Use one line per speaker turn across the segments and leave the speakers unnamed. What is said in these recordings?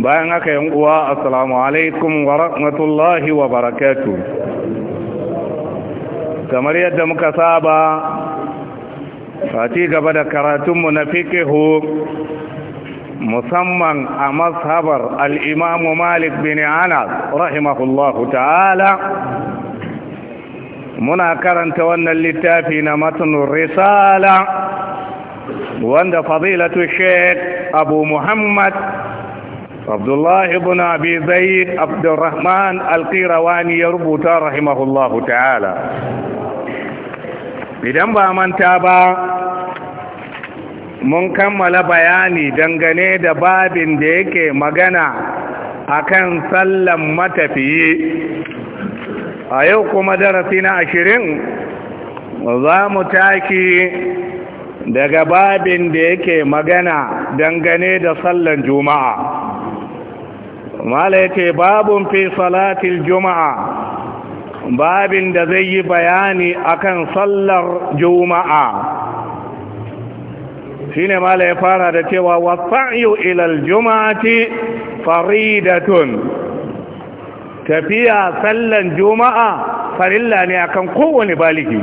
bayan haka yan uwa assalamu alaikum wa rahmatullahi wa barakatu kamar yadda muka saba fati gaba da karatunmu na fikihu musamman a mazhabar al'imamu malik bin anas rahimahullahu ta'ala muna karanta wannan littafi na matanin risala wanda fadilatu sheik abu muhammad abdullahi ibn abi zaid abdurrahman alqirawani ya rubuta rahimahullahu ta'ala idan ba manta ba mun kammala bayani dangane da babin da yake magana a kan sallan matafiyi a yau kuma darasi na ashirin za mu taki daga babin da yake magana dangane da sallan juma'a mala yake babun fi salatil juma'a babin da zai yi bayani akan sallar juma'a shine mala ya fara da cewa wasa'yu ilal juma'ati faridatun tafiya sallan juma'a farilla ne akan kowane baliki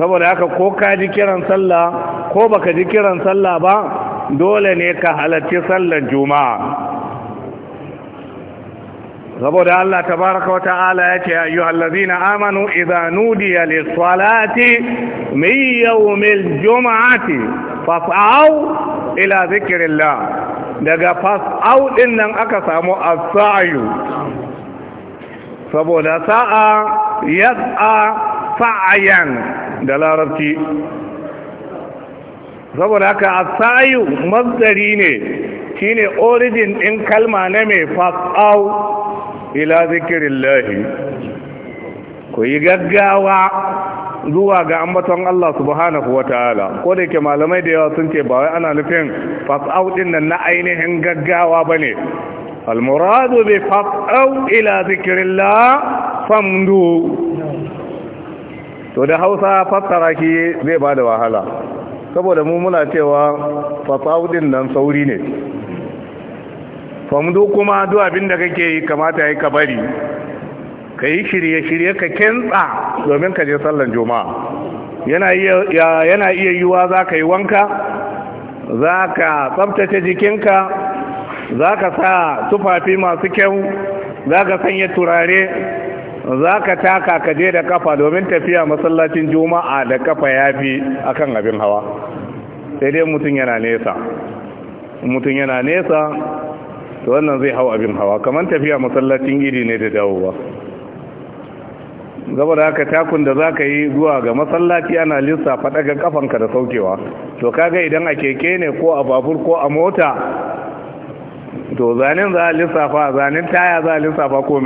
saboda haka ko ka ji kiran sallah ko baka ji kiran sallah ba dole ne ka halarci sallar juma'a saboda Allah tabaraka wa ta'ala yace na amanu idza nudiya lis-salati min yawmil jum'ati fas'au ila dhikrillah daga fas'au din nan aka samu as-sa'yu saboda sa'a yas'a sa'yan da larabci saboda haka as-sa'yu mazdari ne shine origin ɗin kalma na mai fa'au ila zikirin lahi ku yi gaggawa zuwa ga ambaton Allah subhanahu wa ta'ala ko da yake malamai da yawa sun ce ba wai ana nufin faau ɗin nan na ainihin gaggawa ba ne almuradu bi fas'au ila zikirin famdu to da hausa fassara ki zai ba da wahala saboda mu muna cewa fasaudin nan sauri ne famdu kuma duk abin da kake yi kamata yi ka bari ka yi shirye-shirye ka kintsa domin ka je sallan juma'a yana iya yiwuwa za ka yi wanka za ka tsabtace jikinka za ka sa tufafi masu kyau za ka sanya turare za ka taka ka je da kafa domin tafiya masallacin juma'a da kafa ya fi akan abin hawa sai dai mutum yana nesa mutum yana nesa to wannan zai hau abin hawa kamar tafiya masallacin iri ne da dawowa gaba da aka takun da za ka yi zuwa ga masallaci ana lissafa daga kafanka da saukewa to kaga idan a keke ne ko a babur ko a mota to zanen za a lissafa zanen taya za a lissafa ko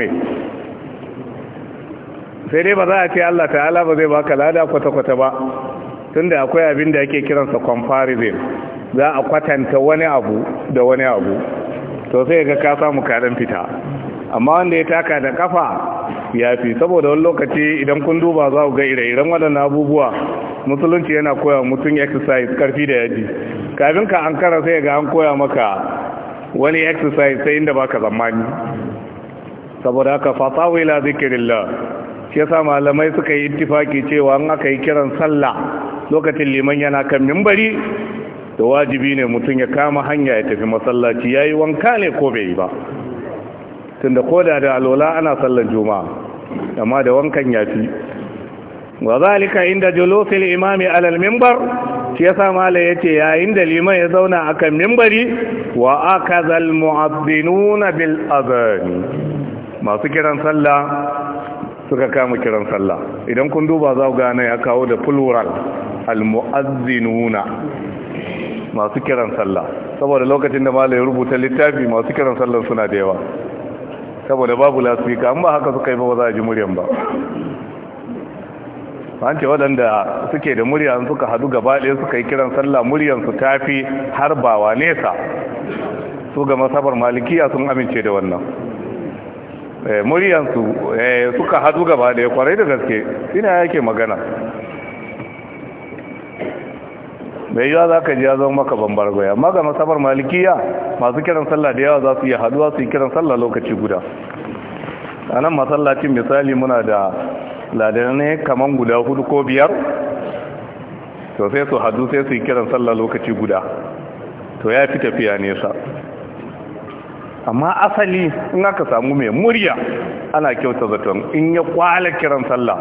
sai dai ba za a ce Allah ta'ala ba zai baka lada kwata-kwata ba tunda akwai abin da ake kiransa comparison za a kwatanta wani abu da wani abu to sai ga ka samu karan fita amma wanda ya taka da kafa ya fi saboda wani lokaci idan kun duba za ku ga ire-iren waɗannan abubuwa musulunci yana koya mutum exercise karfi da yaji kafin ka an kara sai ga an koya maka wani exercise sai inda baka zamani saboda haka fatawa ila zikirillah shi yasa malamai suka yi ittifaki cewa an aka yi kiran sallah lokacin liman yana kan mimbari da wajibi ne mutum ya kama hanya ya tafi masallaci ya yi wanka ne ko bai yi ba tunda ko da da alola ana sallan juma'a amma da wankan ya fi wa zalika inda julusil imami alal mimbar shi yasa mala yace yayin da liman ya zauna akan mimbari wa akazal mu'adhdhinuna bil adhan masu kiran sallah suka kama kiran sallah idan kun duba za ku gane ya kawo da plural al mu'adhdhinuna masu kiran sallah saboda lokacin da malai rubuta littafi masu kiran sallah suna da yawa saboda babu lasfika an ba haka suka yi ba za a ji muryan ba an ce waɗanda suke da muryan suka hadu gaba ɗaya suka yi kiran sallah muryansu ta fi harbawa nesa su ga masabar malikiya sun amince da wannan eh, su eh, suka hadu gaba ɗaya kwarai da gaske ina yake magana mai yawa za ka jiya ya zama maka bambar goya amma ga masabar malikiya masu kiran sallah da yawa za su yi haduwa su yi kiran sallah lokaci guda a nan masallacin misali muna da ladanai kaman guda hudu ko biyar to sai su hadu sai su yi kiran sallah lokaci guda to ya fi tafiya nesa amma asali in aka samu mai murya ana kyauta zaton in ya kwala kiran sallah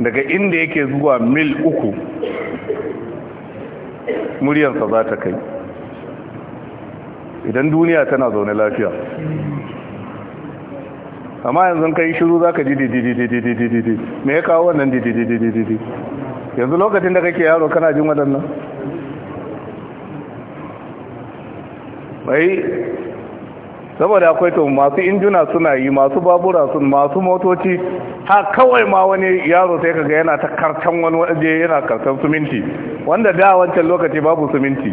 daga inda yake zuwa mil uku Muryarsa za ta kai idan duniya tana zaune lafiya amma yanzu kai shiru za ka ji didididididididi me ya kawo wannan yanzu lokacin da kake yaro kana jin waɗannan bai saboda akwai to masu injuna suna yi masu babura sun masu motoci ha kawai ma wani yaro sai kaga yana ta kartan wani waje yana kartan suminti wanda da wancan lokaci babu suminti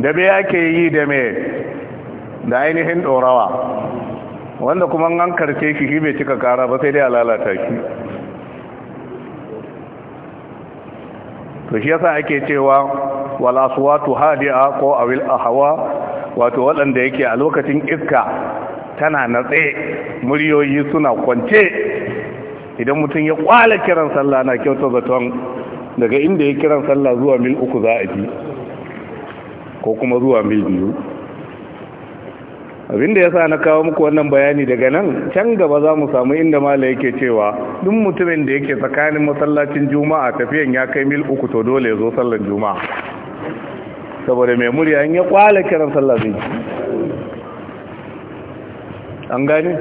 da me yake yi da me da ainihin dorawa wanda kuma an karce shi shi bai cika kara ba sai dai a lalata shi to shi yasa ake cewa wal aswatu hadi'a ko awil ahwa wato waɗanda yake a lokacin iska tana natse muryoyi suna kwance idan mutum ya kwala kiran sallah na kyauta zaton daga inda ya kiran sallah zuwa mil uku za a ji ko kuma zuwa mil biyu abinda ya sa na kawo muku wannan bayani daga nan can gaba za mu samu inda mala yake cewa duk mutumin da yake tsakanin masallacin juma'a tafiyan ya kai mil uku to dole ya zo sallar juma'a saboda mai murya in ya kwala kiran sallah zai ji an gani?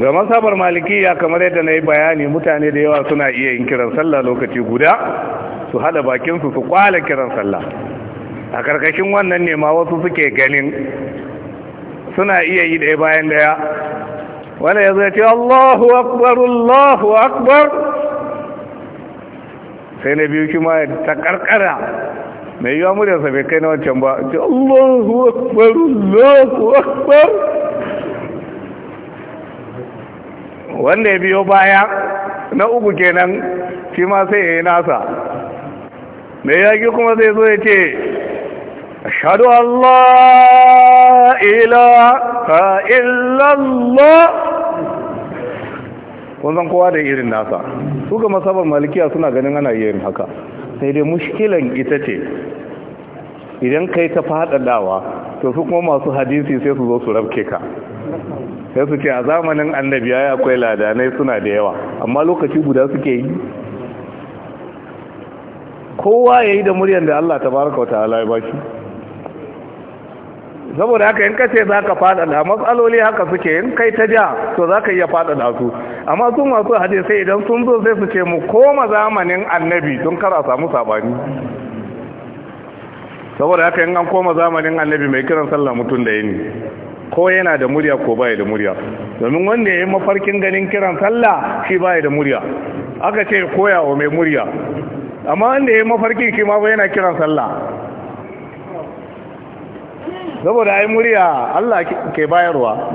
ga masabar ya kamar yadda na yi bayani mutane da yawa suna iya yin kiran sallah lokaci guda su hada bakinsu su kwala kiran sallah a karkashin wannan ne ma wasu suke ganin suna iya yi ɗaya bayan ɗaya wanda ya zai ce allahu akbar allahu akbar sai na biyu kuma ta karkara mai yiwa muryarsa bai kai na wancan ba ce allahu akbar allahu akbar wanda ya biyo baya na uku kenan shi ma sai ya yi nasa mai yaki kuma zai zo ya ce ashadu allah illallah kun san kowa da irin nasa su ga masabar malikiya suna ganin ana iya yin haka sai dai mushkilan ita ce idan kai ta faɗaɗawa to su kuma masu hadisi sai su zo su rabke ka sai su ce a zamanin annabi ya akwai ladanai suna da yawa amma lokaci guda suke yi kowa ya yi da muryar da Allah ta baraka wa ta'ala ya bashi saboda haka yin kace za ka faɗaɗa matsaloli haka suke yin kai ta ja to za ka iya faɗaɗa su amma su masu hadisai idan sun zo sai su ce mu koma zamanin annabi don kar a samu sabani saboda haka yin an koma zamanin annabi mai kiran sallah mutum da yini ko yana da murya ko baya da murya domin wanda ya yi mafarkin ganin kiran sallah shi baya da murya aka ce koya wa mai murya amma wanda ya yi mafarkin shi ma yana kiran sallah saboda ai murya Allah ke bayarwa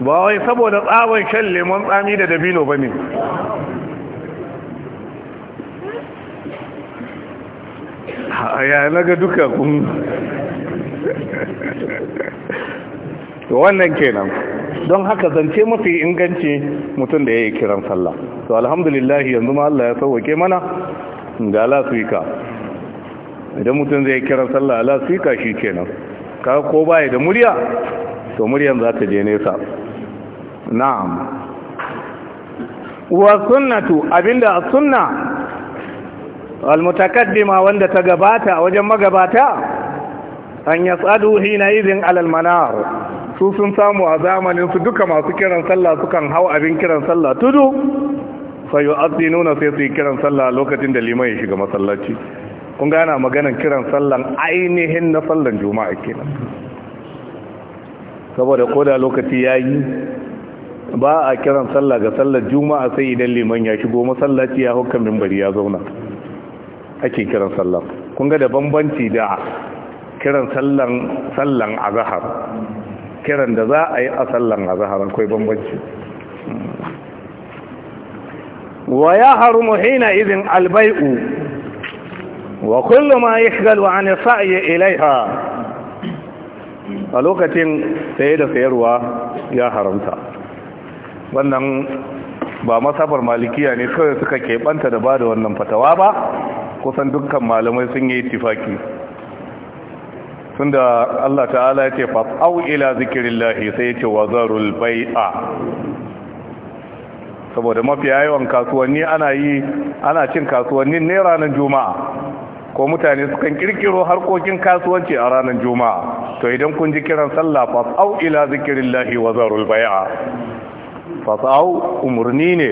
ba wai saboda tsawon shan lemon tsami da dabino ba ne yana naga duka kun wannan kenan don haka zance mafi inganci mutum da ya yi kiran sallah to alhamdulillah yanzu ma Allah ya sauwake mana ga laswika idan mutum zai yi kiran sallah laswika shi kenan ka ko baya da murya to muryan za ta je nesa na'am wa sunnatu abinda sunna almutakaddima wanda ta gabata wajen magabata an yasadu hina izin alal manar su sun samu a zamanin su duka masu kiran sallah sukan hau abin kiran sallah tudu sai nuna sai su yi kiran sallah lokacin da liman ya shiga masallaci kun gana maganan kiran sallan ainihin na sallan juma'a kenan saboda koda lokaci yayi ba a kiran sallah ga sallar juma'a sai idan liman ya shigo masallaci ya hukkan mimbari ya zauna ake kiran sallah kun ga da bambanci da kiran sallan sallan azhar kiran da za a yi a sallan azhar akwai bambanci wa ya harumu hina idin albay'u wa kullu ma yashghalu an sa'i ilaiha a lokacin saye da sayarwa ya haramta wannan ba masabar malikiya ne kawai suka keɓanta da ba da wannan fatawa ba kusan dukkan malamai sun yi tifaki tunda Allah ta'ala ya ce fa'au ila zikirin lahi sai ya ce wazarul bai'a saboda mafi yawan kasuwanni ana yi ana cin kasuwannin ne ranar juma'a ko mutane sukan kirkiro harkokin kasuwanci a ranar juma'a to idan kun ji kiran sallah fa'au ila zikirin lahi wazarul bai'a fasau umarni ne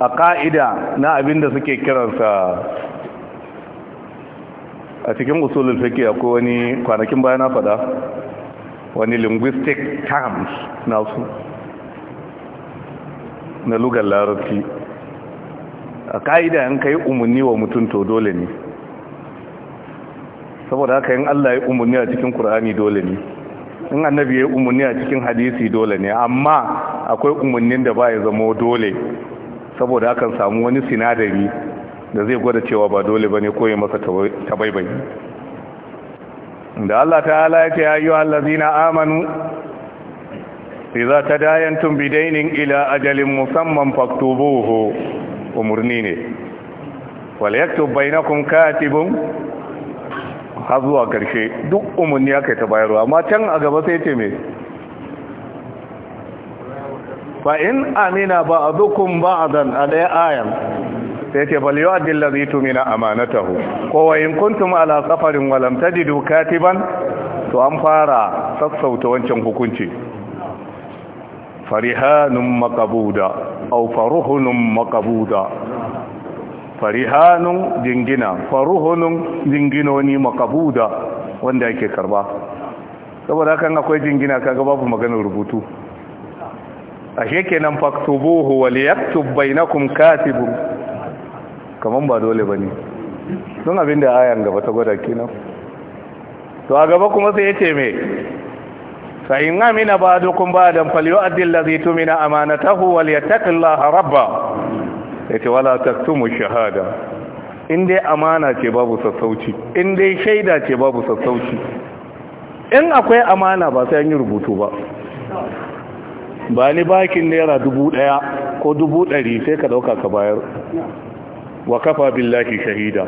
a ka'ida na abin da suke kiransa a cikin usulun fiqh akwai wani kwanakin baya na fada wani linguistic terms su na lugar larabci a ka'ida in yi umarni wa mutum to dole ne saboda haka yin Allah ya umarni a cikin Kur'ani dole ne in annabi ya umarni a cikin hadisi dole ne amma akwai umarnin da ba ya zama dole saboda akan samu wani sinadari da zai gwada cewa ba dole ba ne koyi masa tabaibai da Allah ta halaye ya yi wa allazina amanu iza ta dayantun ila ajalin musamman faktubuhu umarni ne wal yaktub bainakum katibun har zuwa ƙarshe duk umarni aka yi ta bayarwa amma can a gaba sai ce mai fa in amina ba a dukkan ba a zan a ɗaya ayan sai ce bal yau adin laritu mina amanatahu kowa in kuntum ala safarin walam tajidu katiban to an fara sassauta wancan hukunci farihanun makabuda au faruhunun makabuda farihanun jingina faruhunun jinginoni makabuda wanda yake karba saboda hakan akwai jingina kaga babu maganar rubutu ashe kenan faktubuhu wal yaktub bainakum katibun kaman ba dole bane don abin abinda ayan gaba ta gwada kenan to a gaba kuma sai yace me fa in amina ba'dukum ba'dan falyu'addi ladhi tumina amanatahu wal yattaqillaha rabba ya ce wala taktumu shahada in dai amana ce babu sassauci in dai shaida ce babu sassauci in akwai amana ba sai an yi rubutu ba ba ni bakin naira dubu daya ko dubu dari sai ka dauka ka bayar wa kafa billahi shahida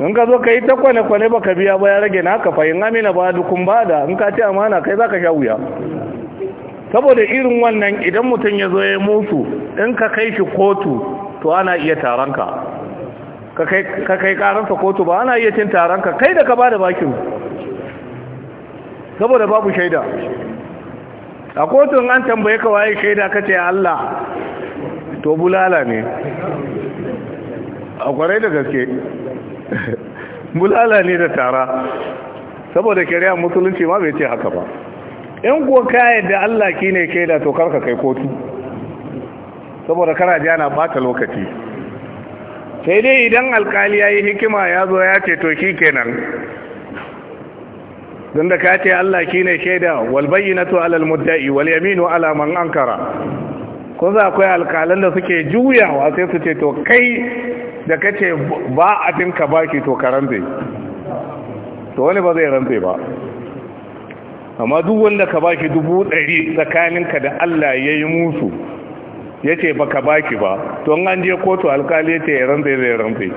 in ka zo ka yi ta kwane-kwane ba ka biya ba ya rage na ka fahim amina ba dukun ba da in ka ce amana kai za ka sha wuya saboda irin wannan idan mutum ya zo ya mutu in ka kai shi kotu to ana iya taronka ka kai karansa kotu ba ana iya cin taronka kai da ka ba da bakin saboda babu shaida a kotun an tambaye ka waye shaida ka ce Allah to bulala ne a kwarai da gaske bulala ne da tara saboda a musulunci ma bai ce haka ba in kuwa kayan da Allah ki ne ke da to karka kai kotu saboda kana ji ana bata lokaci sai dai idan alkali ya yi hikima ya zo ya ce to kenan don da ka ce Allah ki ne shaida walbayyinatu alal mudda'i wal yaminu ala alaman ankara kun za kai alkalin da suke juyawa sai su ce to kai da ka ce ba a ka baki to ka to wani ba zai rantse ba amma duk wanda ka baki dubu ɗari tsakaninka da Allah ya yi musu ya ce ba ka baki ba to an je kotu alkali ya ce ya rantsai zai rantsai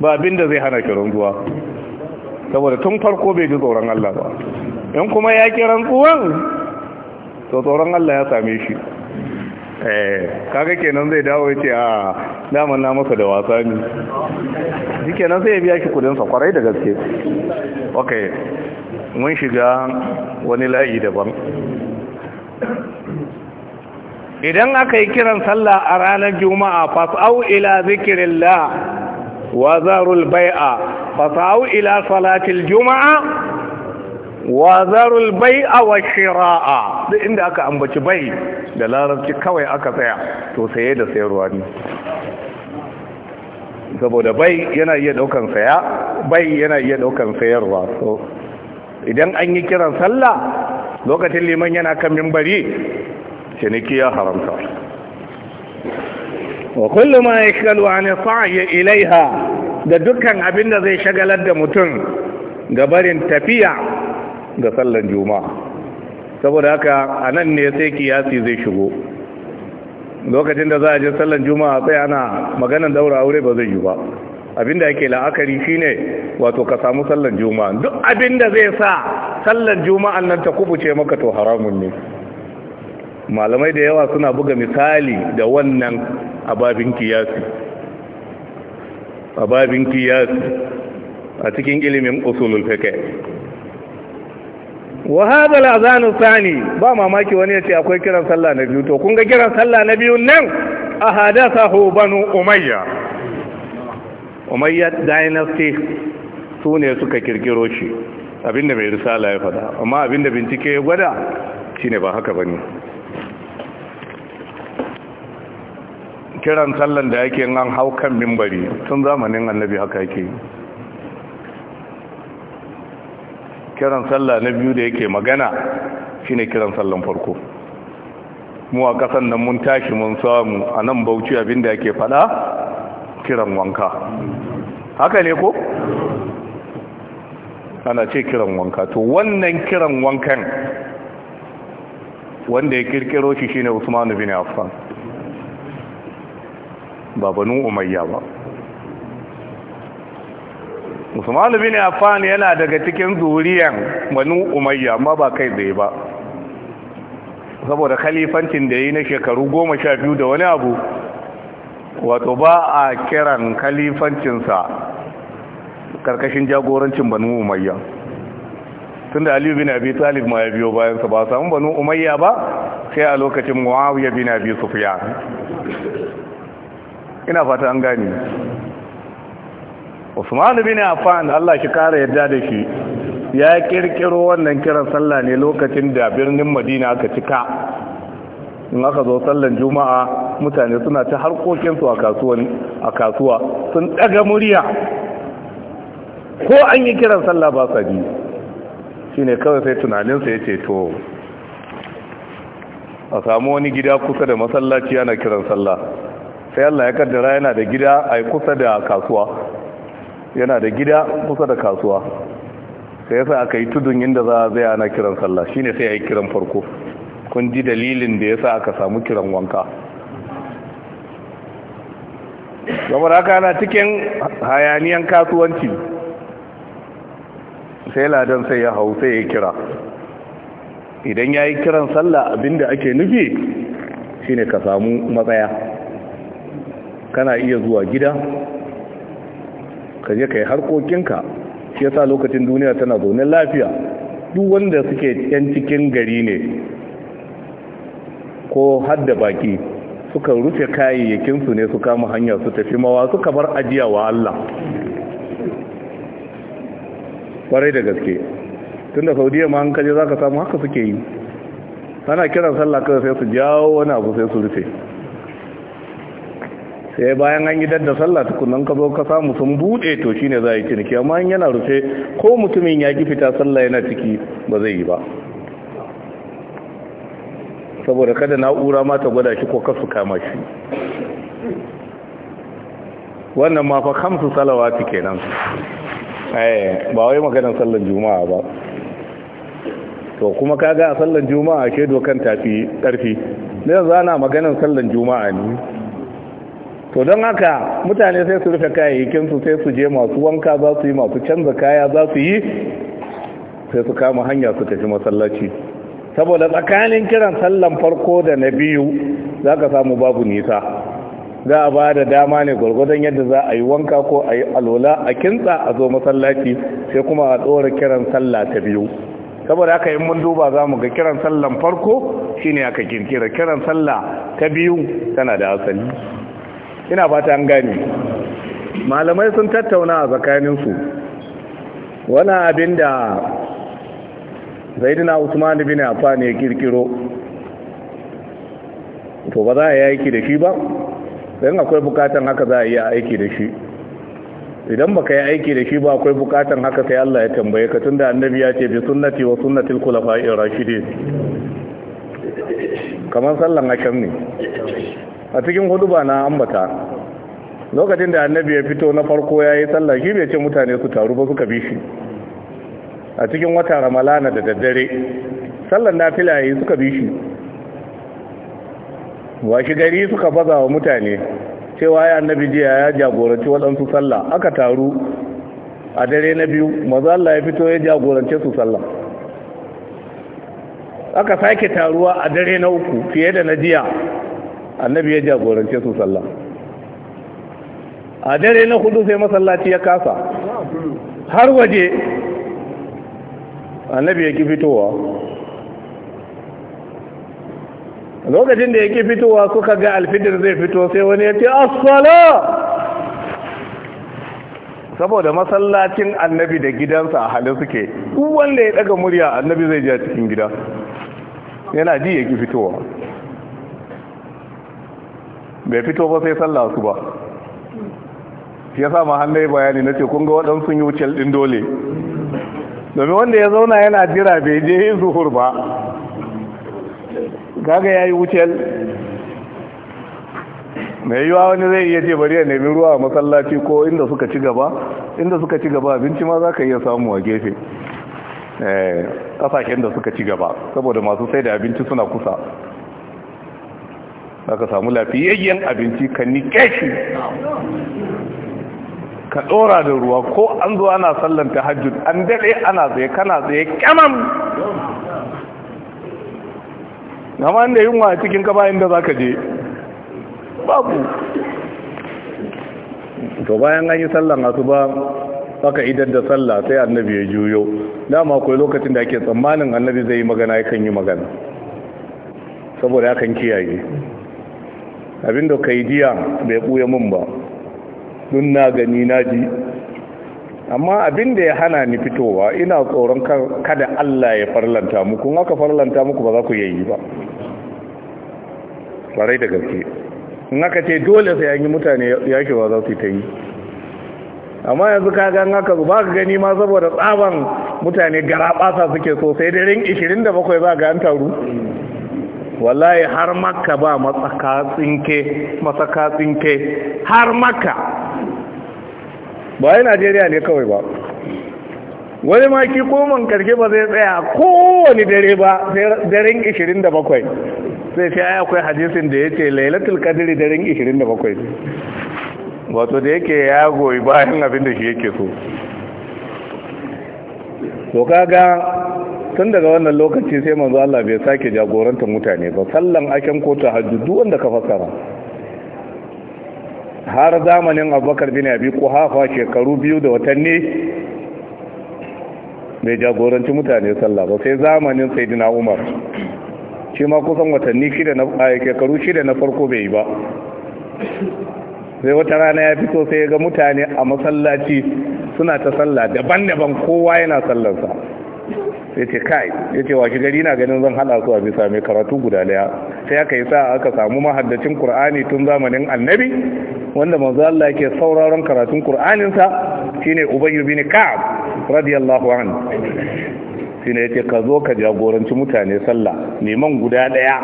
ba abin da zai hana ki rantsuwa saboda tun farko bai ji tsoron Allah ba in kuma ya ki rantsuwan to tsoron Allah ya same shi eh, kaga kenan zai dawo ya ce a ah, daman na masa da wasa ne shi kenan sai ya biya ki sa kwarai da gaske okay. mun shiga wani layi daban idan aka yi kiran sallah a ranar juma'a fasau ila zikirillah wa zarul bai'a fasau ila salatil juma'a wa zarul bai'a wa shira'a duk inda aka ambaci bai da larabci kawai aka tsaya to saye da sayarwa ne saboda bai yana iya daukan saya bai yana iya daukan sayarwa so idan an yi kiran sallah lokacin liman yana kan mimbari ciniki ya haramta wa kullu ma yashgalu an sa'i ilaiha da dukkan abin da zai shagalar da mutum ga barin tafiya ga sallan juma'a saboda haka a nan ne sai kiyasi zai shigo lokacin da za a je sallan juma'a sai ana maganan daura aure ba zai yi ba Abin abinda yake la'akari shine wato ka samu sallan juma'a duk da zai sa sallan juma'a nan ta kubuce maka to haramun ne malamai da yawa suna buga misali da wannan ababin kiyasi ababin kiyasi a cikin ilimin usulul fiqh wa hada al-azan thani ba mamaki wani yace akwai kiran sallah na biyu to kun ga kiran sallah na biyun nan ahadathu banu umayya umayyad dynasty su ne suka kirkiro shi abinda mai risala ya fada amma abinda bincike ya gwada shine ba haka bane kiran sallan da yake an hau kan mimbari tun zamanin annabi haka yake kiran salla na biyu da yake magana shine kiran sallan farko mu a kasan nan mun tashi mun samu a nan bauchi abinda yake fada kiran wanka haka ne ko ana ce kiran wanka to wannan kiran wankan wanda ya kirkiro shi shine Usman bin Affan ba umayya ba Usman bin Affan yana daga cikin zuriyan banu umayya amma ba kai tsaye ba saboda khalifancin da yi na shekaru goma sha biyu da wani abu wato ba a kiran kalifancinsa karkashin jagorancin banu umayya tunda aliyu bin abi talib ma ya biyo bayansa ba samun banu umayya ba sai a lokacin muawiya bin abi sufyan ina fata an gani usman bin affan Allah shi kara yadda da shi ya kirkiro wannan kiran sallah ne lokacin da birnin madina aka cika in aka zo sallan juma'a mutane suna ta harkokinsu a kasuwa sun ɗaga murya ko an yi kiran sallah ba sa ji shi kawai sai tunaninsa ya ceto a samu wani gida kusa da masallaci yana kiran sallah sai Allah ya kaddara yana da gida a kusa da kasuwa yana da gida kusa da kasuwa sai yasa aka yi tudun inda za a zai ana kiran sallah shine sai ya kiran farko kun ji dalilin da yasa aka samu kiran wanka game da haka ana cikin hayaniyan kasuwanci sai ladan sai ya hau sai ya kira idan ya yi kiran sallah abinda ake nufi shine ka samu matsaya kana iya zuwa gida ka je ka yi harkokinka shi yasa lokacin duniya tana zaune lafiya duk wanda suke yan cikin gari ne ko hadda baki sukan rufe kayayyakinsu ne su kama hanya su tafi mawa suka bar ajiya wa Allah ƙwarai da gaske tun da saudiya ma hankali za ka samu haka suke yi ana kiran sallah kawai sai su jawo wani abu sai su rufe sai bayan an yi dadda sallah tukunan ka zo ka samu sun buɗe to shine za a yi ciniki amma yana rufe ko mutumin ya ki fita sallah yana ciki ba zai yi ba saboda kada na'ura ma ta gwada shi ko kasu kama shi wannan ma fa kamsu salawati kenan eh ba wai maganar sallar juma'a ba to kuma kaga a sallar juma'a ke dokan tafi karfi ne zana maganar sallar juma'a ne to don haka mutane sai su rufe kayayyakin su sai su je masu wanka za su yi masu canza kaya za su yi sai su kama hanya su tafi masallaci saboda tsakanin kiran sallan farko da na biyu za ka samu babu nisa za a ba da dama ne gwargwadon yadda za a yi wanka ko a yi alola a kintsa a zo masallaci sai kuma a tsora kiran salla ta biyu saboda aka yi mun duba za mu ga kiran sallan farko shine aka kirkira kiran salla ta biyu tana da asali ina fata an gani malamai sun tattauna a tsakaninsu wani abin da dina usman bin affan ya kirkiro to ba za a yi aiki da shi ba don akwai bukatan haka za a yi aiki da shi idan baka yi aiki da shi ba akwai bukatan haka sai Allah ya tambaye ka tunda annabi ya ce bi sunnati wa sunnatil khulafa'ir rashidin kamar sallan asham ne a cikin huduba na ambata lokacin da annabi ya fito na farko yayi sallah shi bai ce mutane su taru ba suka bi shi a cikin wata ramalana da daddare sallan na filaye suka bi shi washi gari suka baza wa mutane cewa ya annabi jiya ya jagoranci waɗansu sallah aka taru a dare na biyu maza Allah ya fito ya jagorance su sallah aka sake taruwa a dare na uku fiye da na jiya annabi ya jagorance su sallah a dare na hudu sai masallaci ya kasa har waje annabi ya ki fitowa lokacin da ya ki fitowa suka ga alfidar zai fito sai wani ya ce asala saboda masallacin annabi da gidansa a halin suke wanda ya daga murya annabi zai ja cikin gida yana ji ya ki fitowa bai fito ba sai sallah su ba ya sa ma hannu bayani na ce kun ga waɗansu yi wucel ɗin dole domin wanda ya zauna yana jira bai je yin zuhur ba gaga ya yi wucel mai yiwuwa wani zai iya ce bari ya nemi ruwa a masallaci ko inda suka ci gaba inda suka ci gaba abinci ma za ka iya samu a gefe kasashen eh, da suka ci gaba saboda masu sai da abinci suna kusa za ka samu lafiyayyen abinci kan nike ka dora da ruwa ko an zo ana sallan hajji an dade ana zai kana zai kyamam amma inda yunwa a cikin kaba inda za ka je babu to bayan an yi sallan ba ka idan da sallah sai annabi ya juyo dama akwai lokacin da ake tsammanin annabi zai yi magana yakan yi magana saboda yakan kiyaye abinda kai jiya bai buya mun ba dun na gani na ji amma abin da ya hana ni fitowa ina tsoron kada Allah ya farlanta mu kun aka farlanta muku ba za ku yayi ba farai da gaske in aka ce dole sai an yi mutane yake ba za su ta yi amma yanzu ka ga aka ba ka gani ma saboda tsaban mutane gara ɓasa suke so sai da daren 27 za ga an taru wallahi har makka ba matsaka tsinke har makka ba yi najeriya ne kawai ba wani maki koman karshe ba zai tsaya kowane dare ba daren 27 sai sai ya akwai hadisin da ya ce lailatul kadiri daren 27 wato da yake ya goyi bayan abin da shi yake so to kaga tun daga wannan lokaci sai manzo Allah bai sake jagorantar mutane ba sallan aken ko tahajjud duk wanda ka fassara har zamanin Abubakar bin Abi Quhafa shekaru biyu da watanni bai jagoranci mutane sallah ba sai zamanin Sayyidina Umar shi ma kusan watanni shida na shekaru shida na farko bai yi ba sai wata rana ya fito sai ya ga mutane a masallaci suna ta sallah daban-daban kowa yana sallarsa sai ce kai ya ce washe gari na ganin zan hada su a bisa mai karatu guda daya sai aka yi sa aka samu mahaddacin Kur'ani tun zamanin annabi wanda manzo Allah yake sauraron karatun kur'anin sa shine ubayy bin ka'ab radiyallahu anhu shine yake ka zo ka jagoranci mutane sallah neman guda daya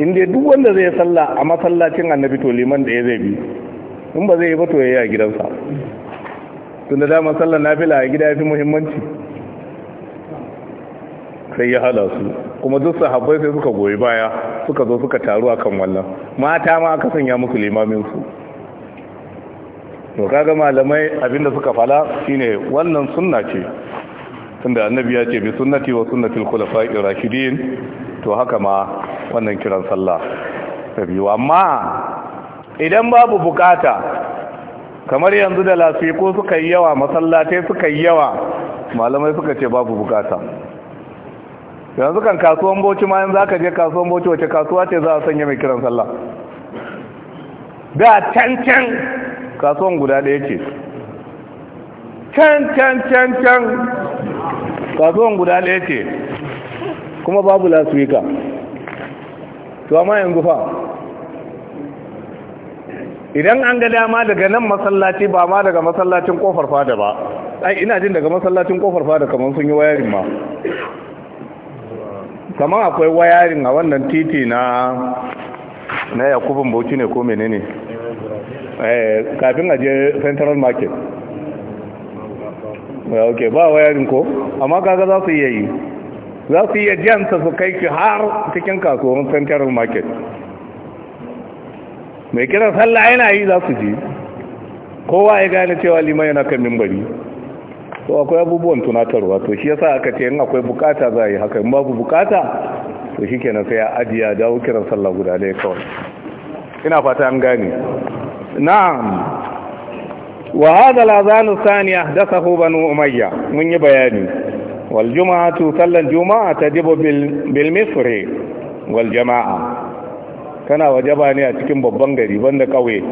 in duk wanda zai sallah a masallacin annabi to liman da zai bi in ba zai yi ba to yi a gidansa tunda da dama sallar nafila a gida ya fi muhimmanci sai ya hada su kuma duk sahabbai sai suka goyi baya suka zo suka taru akan wannan mata ma aka sanya musu limamin su to kaga malamai abinda suka fala shine wannan sunna ce tunda annabi ya ce bi sunnati wa sunnatil khulafa'ir rashidin to haka ma wannan kiran sallah ta biyu amma idan babu bukata kamar yanzu da ko suka yi yawa masallatai suka yi yawa malamai suka ce babu bukata yanzu kan kasuwan boci ma za ka je kasuwan boci wace kasuwa ce za a sanya mai kiran sallah da can can kasuwan guda ɗaya ce can can can can kasuwan guda ɗaya ce kuma babu laswika to amma yanzu fa idan an ga dama daga nan masallaci ba ma daga masallacin kofar fada ba ai ina jin daga masallacin kofar fada kamar sun yi wayarin ma kama akwai wayarin a wannan titi na na yakubin bauchi ne ko menene eh, kafin a je central market ok ba wayarin ko amma kaga za su iya yi za su iya janta su kai ki har cikin kasuwar central market mai kiran sallah yana yi za su ji kowa ya gane cewa liman yana kan mimbari to akwai abubuwan tunatarwa to shi yasa aka ce in akwai bukata za a yi haka in babu bukata to shi sai a ajiya dawo kiran sallah guda ɗaya kawai ina fata an gane na'am wa hadha al-adhan ath-thani ahdathahu banu umayya mun yi bayani wal jum'atu sallan juma'a tajibu bil bil misri wal jama'a kana wajaba ne a cikin babban gari banda kauye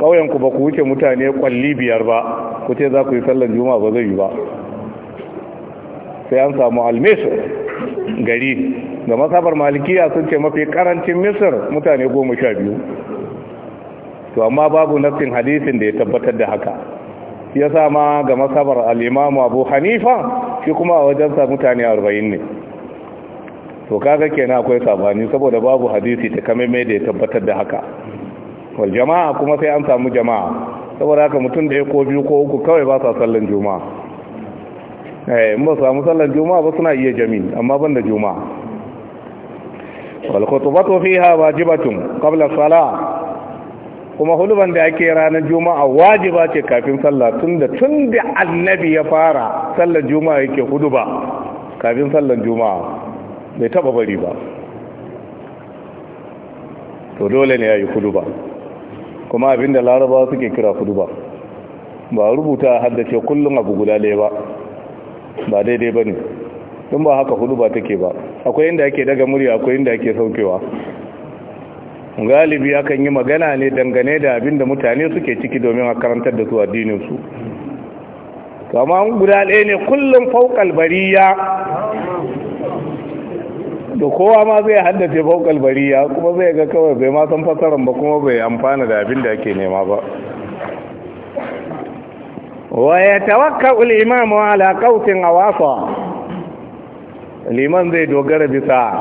kauyen ku ba ku wuce mutane kwalli biyar ba ku ce za ku yi sallar juma'a ba zai yi ba sai an samu almisir gari da masabar malikiya sun ce mafi karancin misir mutane goma sha biyu to amma babu nassin hadisin da ya tabbatar da haka ya sa ma ga masabar al'imamu abu hanifa shi kuma a wajensa mutane arba'in ne to kaga kenan akwai sabani saboda babu hadisi ta kame mai da ya tabbatar da haka wal jama'a kuma sai an samu jama'a saboda haka mutum da ya ko biyu ko uku kawai ba sa sallan juma'a eh mun ba samu sallan juma'a ba suna iya jami amma ban da juma'a wal khutbatu fiha wajibatun qabla salat kuma huluban da ake ranar juma'a wajiba ce kafin sallah tunda tunda annabi ya fara sallan juma'a yake huduba kafin sallan juma'a bai taba bari ba to dole ne ya yi huduba kuma abinda laraba suke kira kudu ba ba rubuta haddace kullum abu guda ɗaya ba ba daidai ba ne don ba haka hudu ba take ba akwai inda ake daga murya akwai inda ake saukewa galibi akan yi magana ne dangane da abinda mutane suke ciki domin a karantar da su addininsu kama guda ɗaya ne kullum faukal bariya da kowa ma zai haddace faukal bariya kuma zai ga kawai bai ma san fasaran ba kuma bai amfana da abin da ake nema ba wa ya tawakka al-imam ala qautin awasa liman zai dogara bisa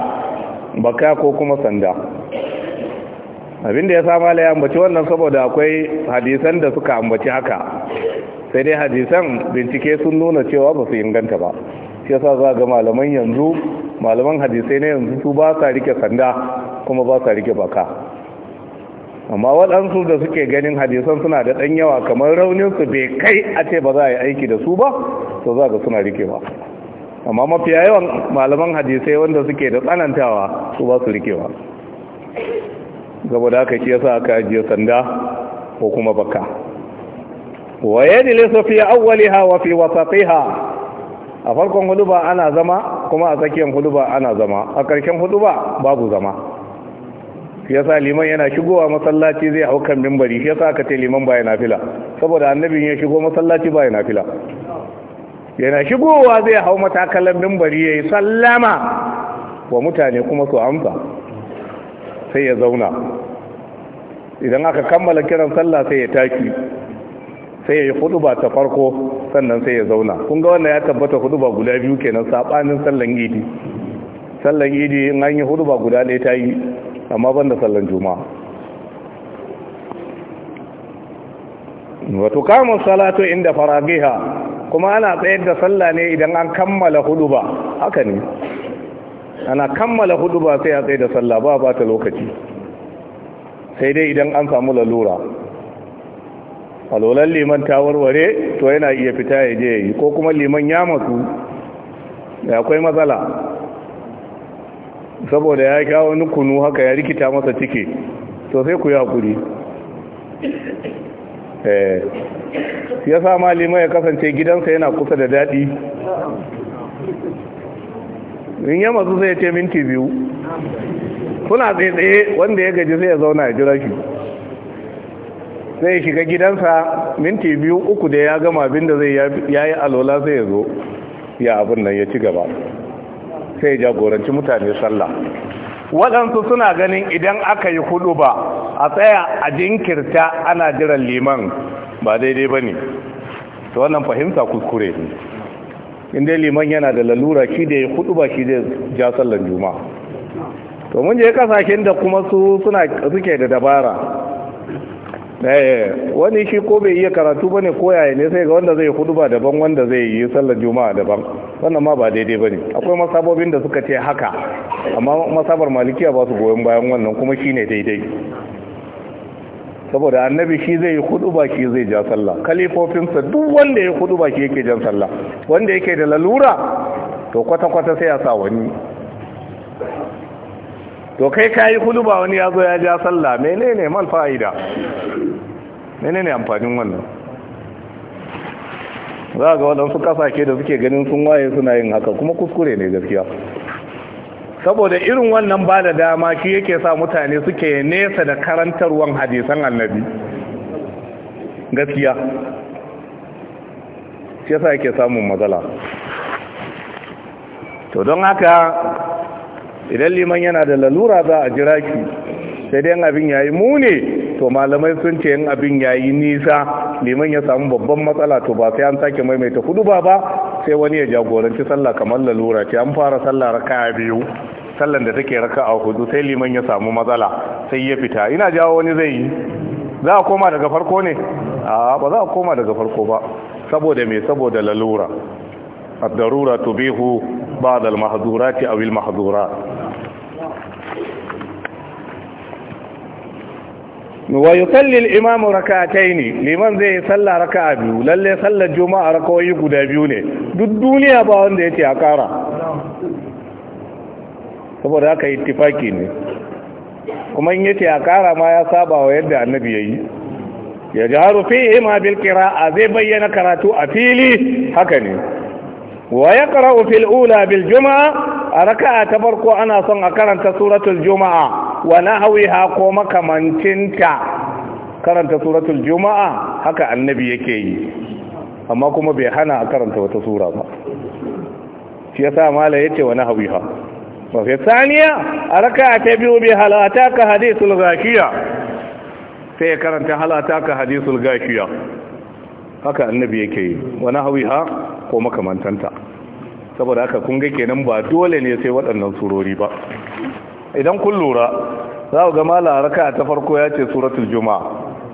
baka ko kuma sanda Abin da ya samu ala ya ambaci wannan saboda akwai hadisan da suka ambaci haka sai dai hadisan bincike sun nuna cewa ba su inganta ba shi yasa za ga malaman yanzu malaman hadisai na yanzu su ba sa rike sanda kuma ba sa rike baka amma waɗansu da suke ganin hadisan suna da ɗan yawa kamar rauninsu bai kai a ce ba za a yi aiki da su ba to za ga suna rikewa amma mafiya yawan malaman hadisai wanda suke da tsanantawa su ba su rikewa gaba da aka kiyasa aka ajiye sanda ko kuma baka wa yadlisu fi awwaliha wa fi wasatiha a farkon hudu ba ana zama kuma a tsakiyar hudu ba ana zama a ƙarshen hudu ba babu zama Ya sa liman yana shigowa masallaci zai hau kan mimbari sa aka ce liman ba na fila saboda annabin ya shigo masallaci na fila. yana shigowa zai hau matakalan mimbari ya yi sallama wa mutane kuma su amsa sai ya zauna idan aka kammala kiran sallah sai ya tashi. sai ya yi ba ta farko sannan sai ya zauna kun ga wannan ya tabbata ba guda biyu kenan sabanin sallan idi sallan idi in an yi ba guda ɗaya ta yi amma ban da sallan juma'a wato kamun salatu inda faragiha kuma ana tsayar da sallah ne idan an kammala ba haka ne ana kammala ba sai a tsaye da sallah ba ba ta lokaci sai dai idan an samu lalura alolan liman ta warware to yana iya fita ya je yi ko kuma liman ya masu da akwai matsala saboda ya kyawo wani kunu haka ya rikita masa cike to sai ku yi hakuri eh, ya sa ma liman ya kasance gidansa yana kusa da daɗi in ya masu sai ya ce minti biyu kuna tsaye-tsaye wanda ya gaji sai ya zauna ya jira shi sai shiga gidansa minti biyu uku da ya gama abin da zai ya yi alola sai zo ya abin nan ya ci gaba sai ya jagoranci mutane sallah waɗansu suna ganin idan aka yi hudu ba a tsaya a jinkirta ana jiran liman ba daidai ba ne ta wannan fahimta kuskure ne inda liman yana da lalura shi da ya hudu ba shi da ja sallan juma'a to mun je kasashen da kuma su suke da dabara Eh, wani shi ko bai iya karatu bane ko yaya ne sai ga wanda zai hudu ba daban wanda zai yi sallar juma'a daban wannan ma ba daidai bane akwai masabobin da suka ce haka amma masabar malikiya ba su goyon bayan wannan kuma shine daidai saboda annabi shi zai hudu ba shi zai ja sallah kalifofinsa duk wanda ya hudu ba shi yake jan sallah wanda yake da lalura to kwata-kwata sai ya sa wani to kai ka kayi ba wani ya zo ya ja sallah menene man fa'ida menene amfanin wannan za ga waɗansu kasashe da suke ganin sun waye suna yin haka kuma kuskure ne gaskiya saboda irin wannan ba da dama shi yake sa mutane suke nesa da karantarwan hadisan annabi gaskiya shi yasa yake samun matsala to don haka idan liman yana da lalura za a jira ki sai dai abin yayi mune to malamai sun ce yin abin yayi nisa liman ya samu babban matsala to ba sai an sake maimaita hudu ba ba sai wani ya jagoranci sallah kamar lalura ce an fara sallah raka biyu sallan da take raka a hudu sai liman ya samu matsala sai ya fita ina jawo wani zai yi za a koma daga farko ne a ba za a koma daga farko ba saboda me saboda lalura ad-darura tubihu بعض المحظورات او المحظورات ويصل الامام ركعتين لمن زي صلى ركعه بيو للي صلى الجمعة ركوة يقود بيوني دو الدنيا باون دي تيكارا saboda haka ittifaki ne kuma in yace a kara ma ya saba wa yadda annabi yayi ya jaharu fihi ma bil qira'a zai bayyana karatu a fili haka ne wa yaqra'u fil ula bil juma'a a raka'a ta farko ana son a karanta suratul juma'a wa na nahwiha ko makamancinta karanta suratul juma'a haka annabi yake yi amma kuma bai hana a karanta wata sura ba shi yasa mala yace wa nahwiha wa fi saniya? a raka'a ta biyu bai halata ka hadithul gashiya. sai ya karanta halata ka hadithul gashiya. haka annabi yake yi wani hawi ha ko makamantanta saboda haka kun ga kenan ba dole ne sai waɗannan surori ba idan kun lura za ku ga mala raka ta farko ya ce suratul juma'a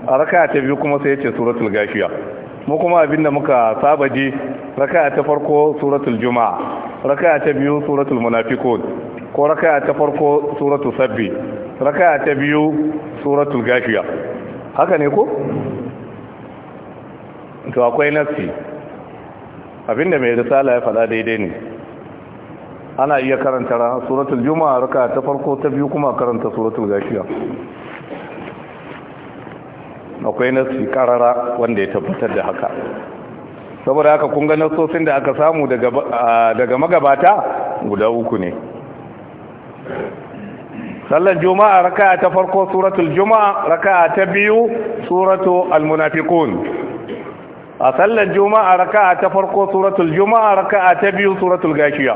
a raka ta biyu kuma sai ya ce suratul gashiya mu kuma abinda muka saba ji raka ta farko suratul juma'a raka ta biyu suratul munafiqun ko raka ta farko suratul sabbi raka ta biyu suratul gashiya haka ne ko to akwai nassi abinda mai risala ya faɗa daidai ne ana iya karanta suratul juma'a raka ta farko ta biyu kuma karanta suratul gashiya akwai nassi karara wanda ya tabbatar da haka saboda haka kun ga nassosin da aka samu daga magabata guda uku ne sallan juma'a raka ta farko suratul juma'a raka ta biyu suratu almunafiqun a sallar juma'a raka'a ta farko suratul juma'a raka'a ta biyu suratul gashiya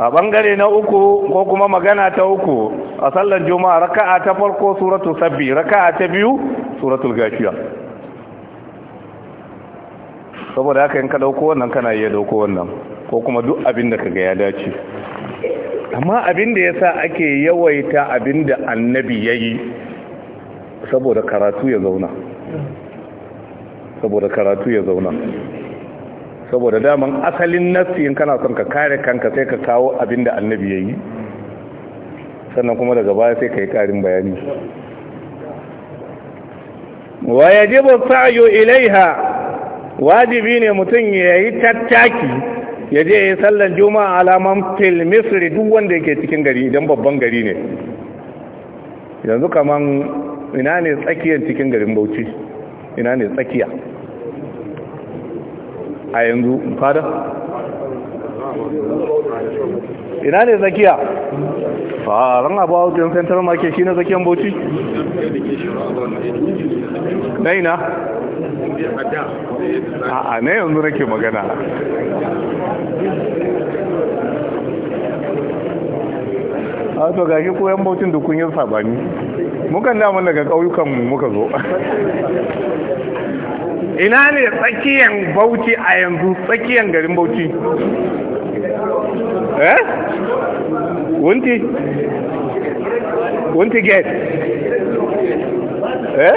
a bangare na uku ko kuma magana ta uku a sallar juma'a raka'a ta farko suratul sabbi raka'a ta biyu suratul gashiya saboda haka in ka dauko wannan kana iya dauko wannan ko kuma duk abin da ga ya dace amma abin da sa ake yawaita abin da annabi yi, saboda karatu ya zauna saboda karatu ya zauna saboda daman asalin nassi in kana son ka kare kanka sai ka kawo abin da annabi ya yi sannan kuma daga baya sai ka yi karin bayani wa yajibu sa'yu ilaiha wajibi ne mutum ya yi tattaki ya je ya yi sallan juma'a alaman filmisri duk wanda yake cikin gari idan babban gari ne yanzu kaman ina ne tsakiyar cikin garin bauchi ina ne tsakiya a yanzu fada ina ne tsakiya faran abu wajen central market shi na tsakiyan bauchi na ina a na yanzu nake magana a to shi koyan bautin da kun yi sabani mukan damar daga ƙauyukan muka zo ina ne tsakiyan bauchi a yanzu tsakiyan garin bauchi eh wunti wunti get eh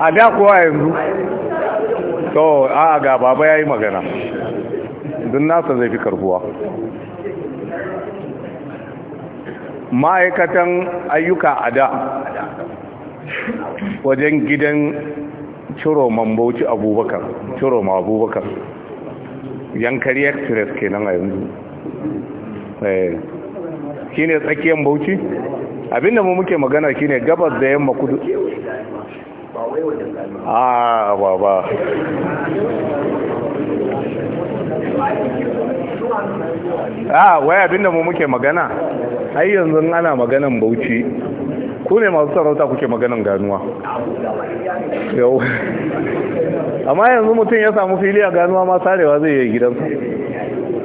a da kuwa yanzu to a ga baba ya yi magana don nasa zai fi karbuwa ma'aikatan ayyuka a da wajen gidan ciro bauchi abubakar ma abubakar yankari express nan a yanzu eh, shi ne tsakiyar bauchi abinda mu muke magana shi ne gabas da yamma kudu a ah, ba ba a ah, waya abinda mu muke magana ai yanzu ana maganan bauchi ku ne masu sarauta kuke maganan ganuwa yau amma yanzu mutum ya samu fili a ganuwa ma sarewa zai yi gidansa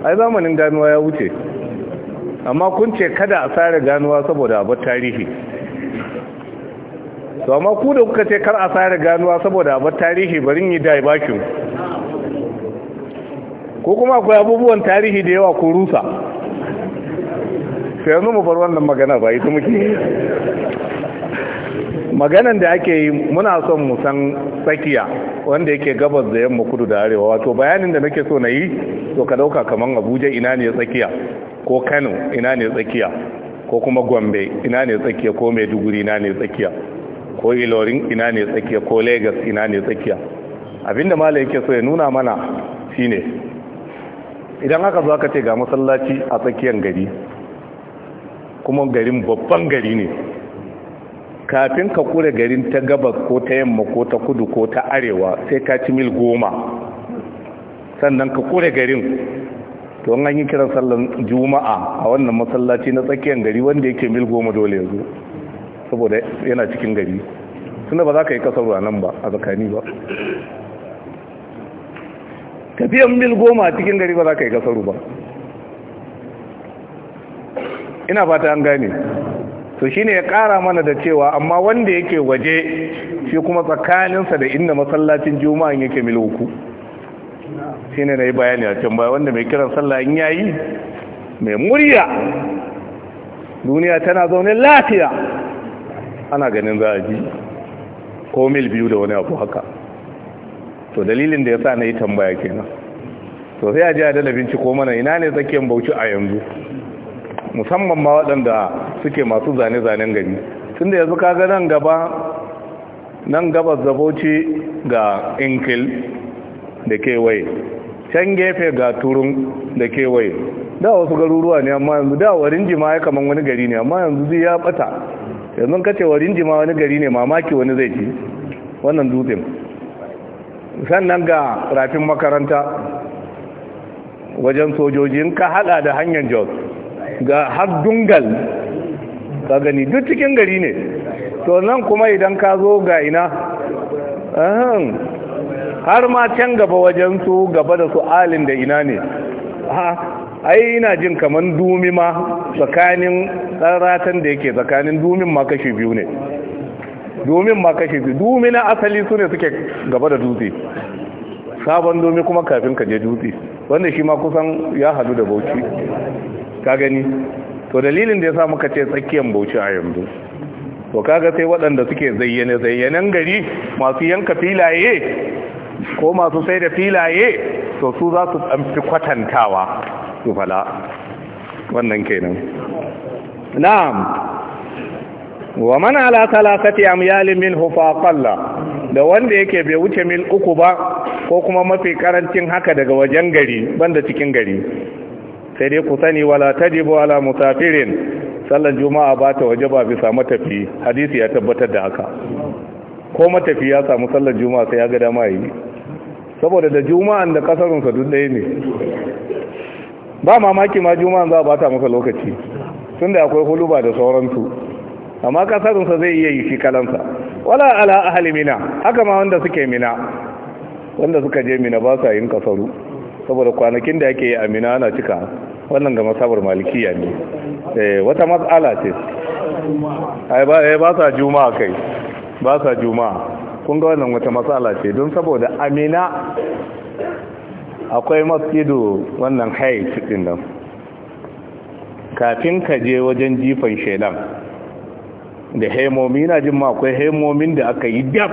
ai zamanin ganuwa ya wuce amma kun ce kada a sare ganuwa saboda abar tarihi to amma ku da kuka ce kar a sare ganuwa saboda abar tarihi barin yi dai bakin ko kuma akwai abubuwan tarihi da yawa ku rusa sai yanzu mu bar wannan magana ba ita muke maganan da ake yi muna son mu san tsakiya wanda yake gabas da yamma kudu da arewa wato bayanin da nake so na yi to ka dauka kaman abuja ina ne tsakiya ko kano ina ne tsakiya ko kuma gombe ina ne tsakiya ko maiduguri ina ne tsakiya ko ilorin ina ne tsakiya ko lagos ina ne tsakiya abinda mala yake so ya nuna mana shine idan aka zo aka ce ga masallaci a tsakiyar gari kuma garin babban gari ne kafin ka kure garin ta gabas ko ta yamma ko ta kudu ko ta arewa sai ka ci mil goma sannan ka kure garin to an yi kiran sallan juma'a a wannan masallaci na tsakiyar gari wanda yake mil goma dole yanzu saboda yana cikin gari suna ba za ka yi kasar nan ba a tsakani ba tafiyan mil goma a cikin gari ba za ka yi kasaru ba ina fata an gane to shine ya kara mana da cewa amma wanda yake waje shi kuma tsakaninsa da inda masallacin juma'an yake mil shine na yi bayani a can baya wanda mai kiran sallah in yayi mai murya duniya tana zaune lafiya ana ganin za a ji ko mil biyu da wani abu haka to dalilin da ya sa na yi tambaya kenan to sai a ji a dalabin ci ko mana ina ne tsakiyar bauchi a yanzu musamman ma waɗanda suke masu zane-zanen gari tun da yanzu kaga nan gaba nan gabas da ga inkil da kewaye can gefe ga turun da kewaye da wasu garuruwa ne amma yanzu da warin jima ya kaman wani gari ne amma yanzu zai ya bata yanzu kace warin jima wani gari ne mamaki wani zai ci wannan dutsen sannan ga rafin makaranta wajen sojoji in ka hada da hanyar jos ga har dungal ka gani duk cikin gari ne to nan kuma idan ka zo ga ina har ma can gaba wajen su gaba da su alin da ina ne ai ina jin kaman dumi ma tsakanin tsaratan da yake tsakanin dumin ma kashi biyu ne dumin ma kashi biyu dumi na asali su ne suke gaba da dutse sabon dumi kuma kafin ka je dutse wanda shi ma kusan ya hadu da bauchi ka gani to dalilin da ya sa muka ce tsakiyar bauchi a yanzu to kaga sai waɗanda suke zayyane zayyanen gari masu yanka filaye ko masu sai da filaye to su za su amfi kwatantawa su fala wannan kenan na'am wa man ala talakati amyalin min hufaqalla da wanda yake bai wuce mil uku ba ko kuma mafi karancin haka daga wajen gari banda cikin gari sai dai ku sani wala tajibu ala musafirin sallan juma'a ba ta waje ba bisa matafi hadisi ya tabbatar da haka ko matafi ya samu sallan juma'a sai ya ga dama yi saboda da juma'an da sa duk ɗaya ne ba mamaki ma juma'an za a bata masa lokaci tunda akwai huluba da sauransu amma sa zai iya yi shi kalansa wala ala ahli mina haka ma wanda suke mina wanda suka je mina ba sa yin kasaru saboda kwanakin da ake yi a mina ana cika wannan ga masabar malikiya ne eh, wata matsala ce eh, ba sa juma'a kai ba sa juma'a kun ga wannan wata matsala ce don saboda amina akwai masjidu wannan hai cikin nan kafin ka je wajen jifan shelan da haimomi na jin ma akwai haimomin da aka yi dab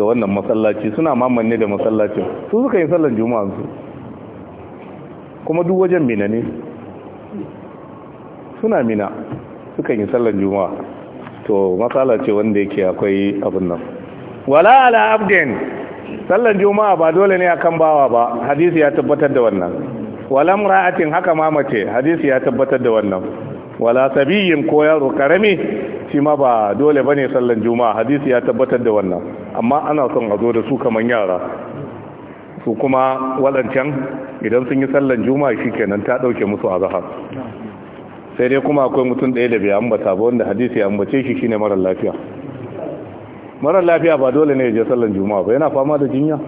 da wannan masallaci suna mamanni da masallacin su suka yi sallan juma'ansu kuma duk wajen mina ne suna mina sukan yi sallar juma'a to matsala ce wanda yake akwai abin nan wala ala abdin sallar juma'a ba dole ne akan bawa ba hadisi ya tabbatar da wannan wala mra'atin haka ma mace hadisi ya tabbatar da wannan wala sabiyin ko yaro karami shi ma ba dole bane sallan juma'a hadisi ya tabbatar da wannan amma ana son a zo da su kamar yara su kuma waɗancan idan sun yi sallan juma'a shi kenan ta ɗauke musu a azhar sai dai kuma akwai mutum ɗaya da bai ambata ba wanda hadisi ya ambace shi shine marar lafiya marar lafiya ba dole ne ya je sallan juma'a ba yana fama da jinya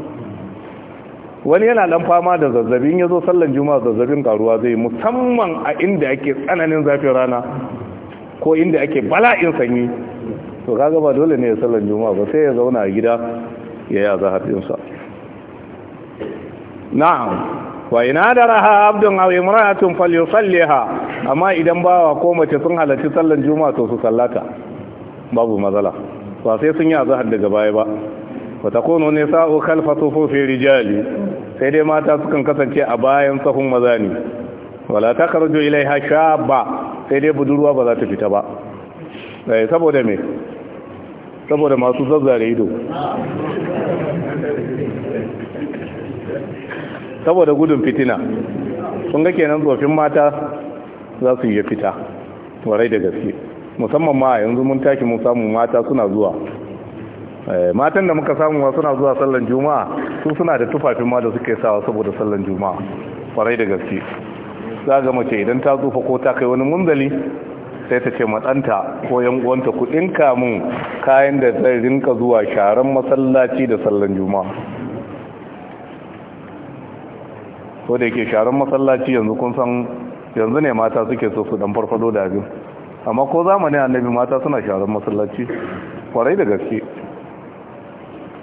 wani yana dan fama da zazzabin ya zo sallan juma'a zazzabin karuwa zai musamman a inda ake tsananin zafin rana ko inda ake bala'in sanyi to kaga ba dole ne ya sallan juma'a ba sai ya zauna a gida ya yi azahar ɗinsa na'am wa ina da raha abdun aw imra'atun falyusalliha amma idan bawa ko mace sun halarci sallan juma'a to su sallata babu mazala. ba sai sun yi azhar daga baya ba wa takunu nisa'u khalfa sufufi rijali sai dai mata sukan kasance a bayan sahun maza ne wala takarju ilaiha shabba sai dai budurwa ba za ta fita ba eh saboda me saboda masu zazzare ido saboda gudun fitina sun ga kenan tsofin mata za su iya fita warai da gaske musamman ma yanzu mun taki mun samu mata suna zuwa eh, matan da muka samu suna zuwa sallan juma'a su suna da tufafin ma da suke sawa saboda sallan juma'a warai da gaske za ga mace idan ta tsufa ko ta kai wani munzali sai ta ce matsanta ko yan uwanta kuɗin dinka kayan da zai rinka zuwa sharan masallaci da sallan juma'a ko da yake sharan masallaci yanzu kun san yanzu ne mata suke so su dan farfado da abin amma ko zamanin annabi mata suna sharan masallaci kwarai da gaske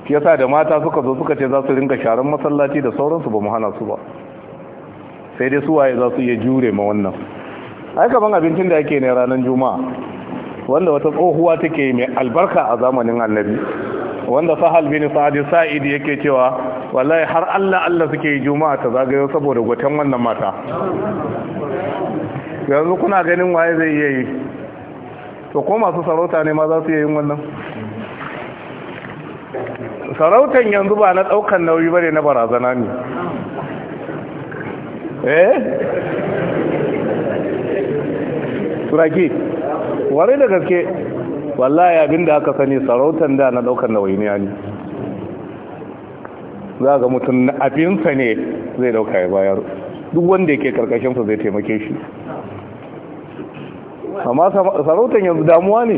yasa da mata suka zo suka ce za su rinka sharan masallaci da sauransu ba mu hana su ba sai dai suwaye za su iya jure ma wannan ai kaman abincin da ake ne ranar juma'a wanda wata tsohuwa take mai albarka a zamanin annabi wanda sahal bin sa'ad sa'id yake cewa wallahi har Allah Allah suke yi juma'a ta zagayo saboda gwatan wannan mata yanzu kuna ganin waye zai iya yi to ko masu sarauta ne ma za su iya yin wannan sarautan yanzu ba na daukan nauyi bare na barazana ne eh turaki ware da gaske wallahi da aka sani sarautan da na daukar nawainiya ne za ga mutum abinsa ne zai dauka ya bayar duk wanda yake su zai taimake shi amma sarautan yanzu damuwa ne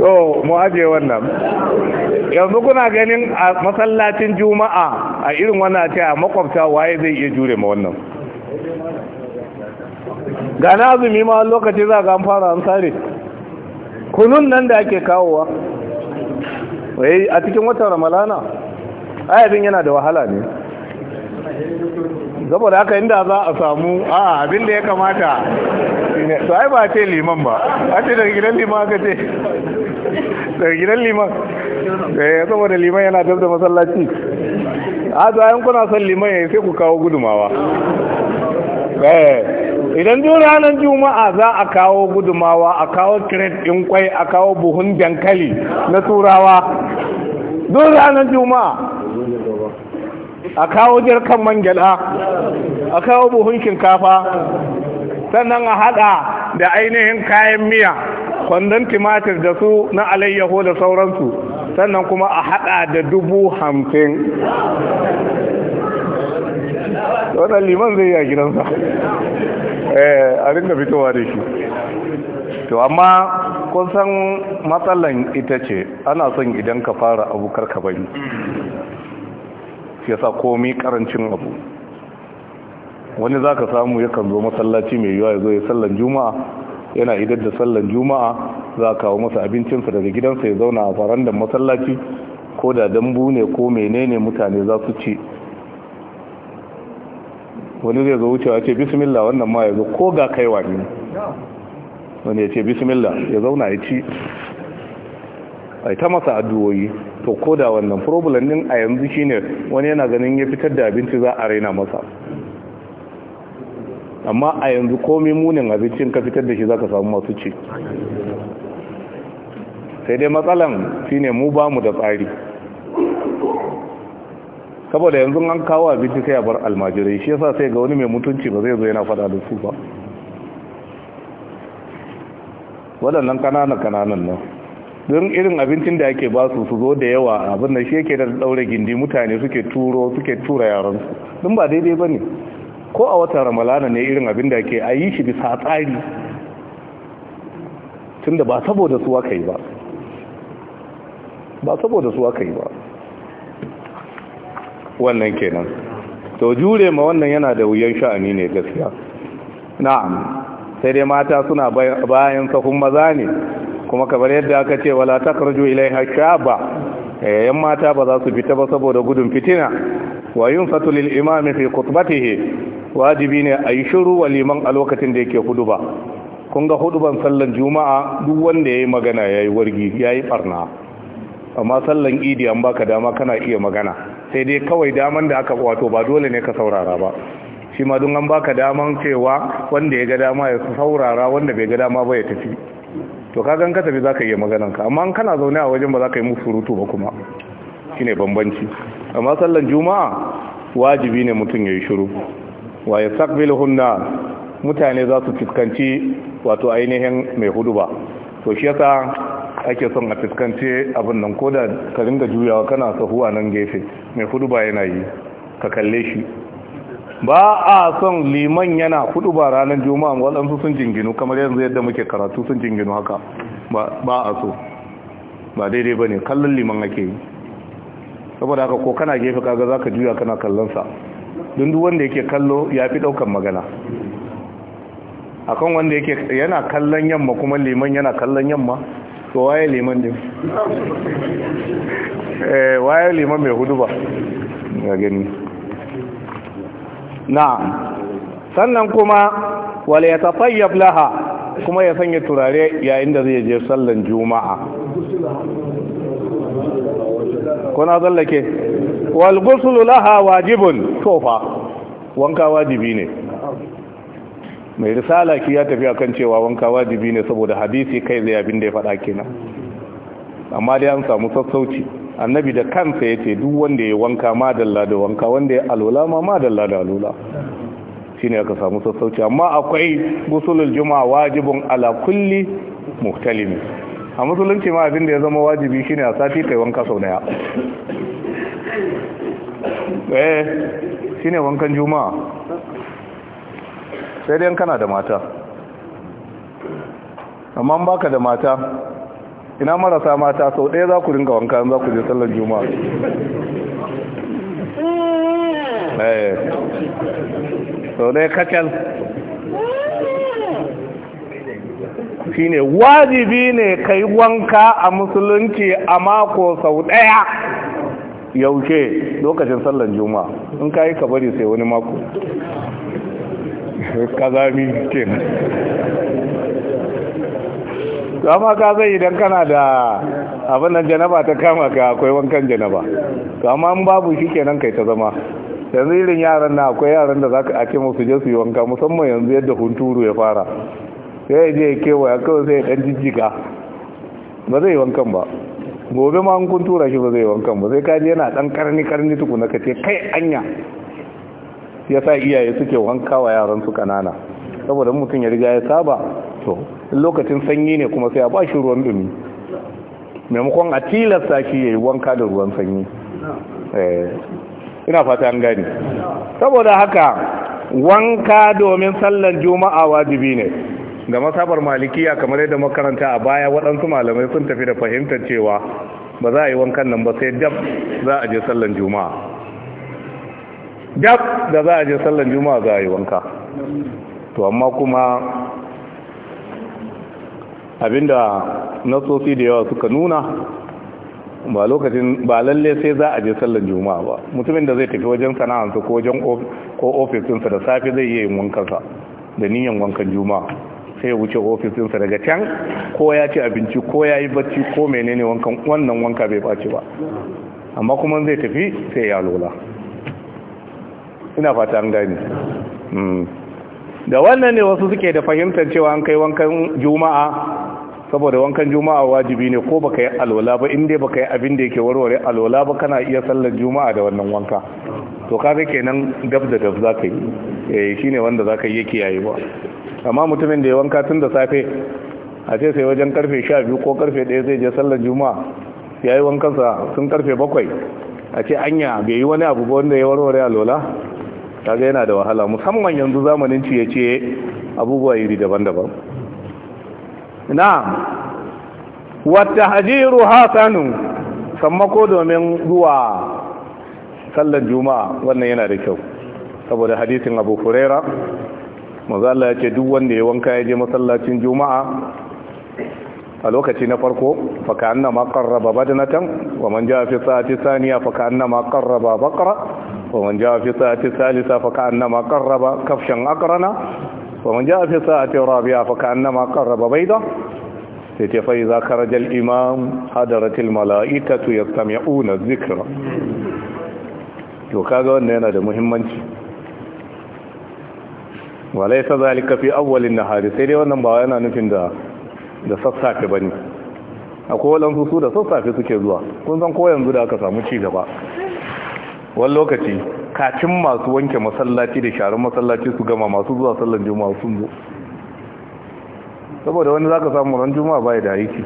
yau mu aje wannan yanzu kuna ganin a masallacin juma'a a irin wannan ce a makwabta waye zai iya jure ma wannan ga na azumi ma lokaci za ga an fara an sare kunun nan da ake kawowa a cikin watan ramalana ayabin yana da wahala ne saboda haka inda za a samu a abin da ya kamata su ai ba ce liman ba a ce daga gidan liman aka ce daga gidan liman eh, saboda liman yana dab da masallaci a zayen kuna son liman ya sai ku kawo gudumawa eh, idan duk ranar juma'a za a kawo gudumawa a kawo kiret ɗin kwai a kawo buhun dankali na turawa duk ranar juma'a a kawo jirkan mangyala a kawo buhun shinkafa sannan a haɗa da ainihin kayan miya kwandon timatir da su na alayyaho da sauransu sannan kuma a haɗa da dubu hamsin wannan liman zai yi gidansa eh, a rinka fitowa da shi to amma kun san matsalan ita ce ana son idan ka fara abokar ka bari yasa komai karancin abu wani za ka samu yakan zo masallaci mai yiwa ya zo ya sallan juma'a yana idar da sallan juma'a za a kawo masa abincinsa daga gidansa ya zauna a da masallaci ko da dambu ne ko menene mutane za su ci wani zai zo wucewa ce bismillah wannan ma ya zo ko ga kaiwa ne wani ya ce bismillah ya zauna ya ci a ta masa addu'oyi to ko da wannan problem din a yanzu shine wani yana ganin ya fitar da abinci za a raina masa amma a yanzu komai munin abincin ka fitar da shi zaka samu masu ci sai dai matsalan shine mu ba mu da tsari saboda yanzu an kawo abinci sai ya bar almajirai shi yasa sai ga wani mai mutunci ba zai zo yana faɗa da su ba waɗannan kananan kananan nan don irin abincin da ake ba su su zo da yawa abin da shi yake da daure gindi mutane suke turo suke tura yaransu don ba daidai ba ne ko a watan ramalana ne irin abin da ke a yi shi bisa tsari tun da ba saboda su aka yi ba ba saboda su aka yi ba wannan kenan to jure ma wannan yana da wuyan sha'ani ne gaskiya na'am sai dai mata suna bayan sahun maza ne kuma kamar yadda aka ce wala takarju ilaiha shaba eh, yan mata ba za su fita ba saboda gudun fitina wa yunfatu lil imam fi khutbatihi wajibi ne a yi shiru wa liman a lokacin da yake huduba kun ga huduban sallan juma'a duk wanda yayi magana yayi wargi yayi barna amma sallan idi an baka dama kana iya magana sai dai kawai daman da aka wato ba dole ne ka saurara ba shi ma dun an baka daman cewa wanda ya ga dama ya saurara wanda bai ga dama ba ya tafi to ka gan ka za ka iya magananka amma kana zaune a wajen ba za ka yi musu surutu ba kuma shi ne bambanci amma sallan juma'a wajibi ne mutum ya yi shiru wa ya sakbil hunna mutane za su fuskanci wato ainihin mai hudu ba to shi yasa ake son a fuskanci abin nan ko da ka ringa juyawa kana sahuwa nan gefe mai hudu ba yana yi ka kalle shi ba a son liman yana hudu ba ranar juma'a waɗansu sun jinginu kamar yanzu yadda muke karatu sun jinginu haka ba a so ba daidai ba ne kallon liman ake yi saboda haka ko kana gefe kaga za ka juya kana kallonsa don wanda yake kallo ya fi ɗaukan magana akan wanda yake yana kallon yamma kuma liman yana kallon yamma to waye liman din eh, waye liman mai hudu ba ga gani na'am sannan kuma wal yatafayyab laha kuma ya sanya turare yayin da zai je sallan juma'a kuna zallake wal ghuslu laha wajibun tofa wanka wajibi ne mai risala ki ya tafi akan cewa wanka wajibi ne saboda hadisi kai zai abin da ya faɗa kenan amma dai an samu sassauci annabi da kansa ya ce duk wanda ya wanka madalla da wanka wanda ya alola ma madalla da shi shine aka samu sassauci amma akwai gusulul juma'a wajibin ala kulli muhtalimi a musulunci ma abin da ya zama wajibi shine a sati kai wanka sau daya eh shine wankan juma'a sai dai kana da mata amma baka da mata ina marasa mata sau ɗaya za ku ringa wanka za ku je sallar juma'a eh. sau ɗaya kacal shi ne wajibi ne ka wanka a musulunci a mako sau ɗaya yauke lokacin sallar juma'a in ka yi ka bari sai wani mako zami ke to amma ka zai idan kana da abin nan janaba ta kama ka akwai wankan janaba to amma in babu shi kenan kai ta zama yanzu irin yaran na akwai yaran da zaka ake musu je su yi wanka musamman yanzu yadda hunturu ya fara sai ya je ya kewaya kawai sai ya dan jijjiga ba zai wankan ba gobe ma kun tura shi ba zai wankan ba sai kaji yana dan karni karni tukuna ka ce kai anya ya sa iyaye suke wanka wa yaran su kanana saboda mutum ya riga ya saba to lokacin sanyi ne kuma sai a ba shi ruwan dumi maimakon a tilasta shi ya yi wanka da ruwan sanyi eh, ina fata an gani saboda haka wanka domin sallan juma'a wajibi ne ga masabar malikiya kamar yadda makaranta a baya waɗansu malamai sun tafi da fahimtar cewa ba za a yi wankan nan ba sai dab za a je sallan juma'a dab da za a je sallan juma'a za a yi wanka to amma kuma abinda nasosi da yawa suka nuna ba lokacin ba lalle sai za a je sallan juma'a ba mutumin da zai tafi wajen sana'arsa ko wajen ko ofisinsa da safe zai yi wankansa da niyan wankan juma'a sai ya wuce ofisinsa daga can ko ya ci abinci ko ya yi bacci ko menene wankan wannan wanka bai baci ba amma kuma zai tafi sai ya lola ina fata an gani hmm. da wannan ne wasu suke da fahimtar cewa an kai wankan juma'a saboda wankan juma'a wajibi ne ko baka yi alwala ba inda baka yi abin da yake warware alwala ba kana iya sallar juma'a da wannan wanka to kaga kenan dab da dab zaka yi eh shine wanda zaka yi yake yayi ba amma mutumin da ya wanka tun da safe a ce sai wajen karfe 12 ko karfe 1 zai je sallar juma'a yayi wankansa sun karfe 7 a ce anya bai yi wani abu ba wanda ya warware alwala kaga yana da wahala musamman yanzu zamanin ciye-ciye abubuwa iri daban-daban na'am wata hajiru hasanu sammako domin zuwa sallar juma'a wannan yana da kyau saboda hadisin abu huraira mazala ya duk wanda ya wanka ya je masallacin juma'a a lokaci na farko faka anna ma qarraba badnatan wa man jaa fi sa'ati thaniya faka anna ma qarraba baqra wa man jaa fi sa'ati thalitha faka anna ma qarraba kafshan aqrana wa man ja'a fi sa'ati nama fa ka'annama qarraba bayda sai ce fa idza kharaja al-imam hadaratil mala'ikatu yastami'una dhikra to kaga wannan yana da muhimmanci walai ta a fi da nahari sai dai wannan ba yana nufin da da sassafe bane akwai walansu su da sassafe suke zuwa kun san ko yanzu da aka samu ci gaba wani lokaci kacin masu wanke masallaci da sharon masallaci su gama masu zuwa sallan juma'a sun zo saboda wani zaka samu ran juma'a bai da aiki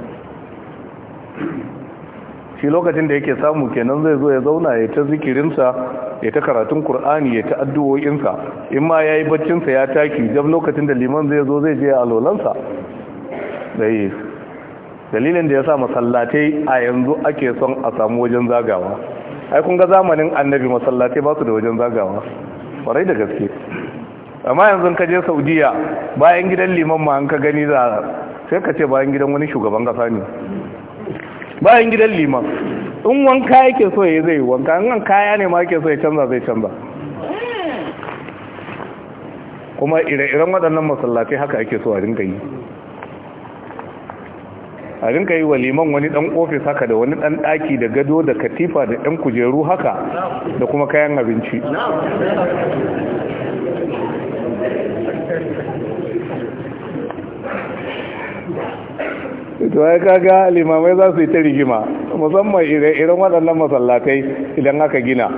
shi lokacin da yake samu kenan zai zo ya zauna ya ta zikirinsa ya ta karatun Kur'ani ya ta addu'o'insa in ma yayi baccinsa ya taki jab lokacin da liman zai zo zai je a dalilin da yasa masallatai a yanzu ake son a samu wajen zagawa ai kun ga zamanin annabi masallatai ba su da wajen zagawa kwarai da gaske amma yanzu ka je saudiya bayan gidan liman ma an ka gani za sai ka ce bayan gidan wani shugaban kasa ne bayan gidan liman in wanka yake so ya zai wanka in kaya ne ma yake so ya canza zai canza kuma ire-iren waɗannan masallatai haka ake so a dinga yi a rinka yi wa liman wani dan ofis haka da wani dan daki da gado da katifa da ɗan kujeru haka da kuma kayan abinci ito ya kaga limamai za su yi ta rigima musamman irin waɗannan masallatai idan aka gina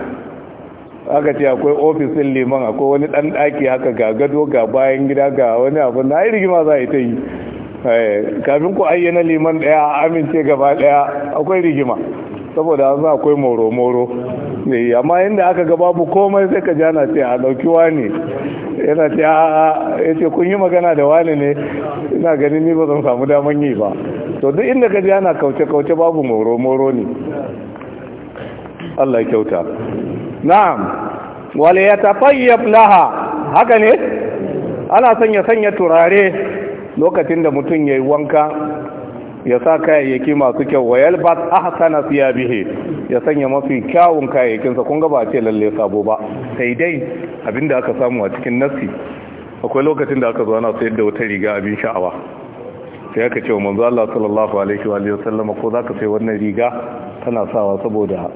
aka ce akwai ofisin liman akwai wani ɗan ɗaki haka ga gado ga bayan gida ga wani abu na yi rigima za a yi ta yi Eh, kafin ku ayyana liman daya amince gaba daya akwai rigima saboda an za akwai moro-moro eh, amma inda aka ga babu komai sai ka jana ce a ɗauki wani yana ce a ya ce kun yi magana da wani ne ina ganin ni ba zan samu daman yi ba to duk inda ka jana kauce-kauce babu moro-moro ne Allah kyauta na'am wale ya tafayyab laha haka ne ana sanya sanya turare lokacin da mutum ya yi wanka ya sa kayayyaki masu kyau wa yalbas ahsana siyabihi ya sanya mafi kyawun kayayyakinsa kun ga ba ce lalle sabo ba sai dai abinda aka samu a cikin nassi akwai lokacin da aka zo ana sayar da wata riga abin sha'awa sai aka ce wa manzo Allah sallallahu alaihi wa sallama ko zaka sai wannan riga tana sawa saboda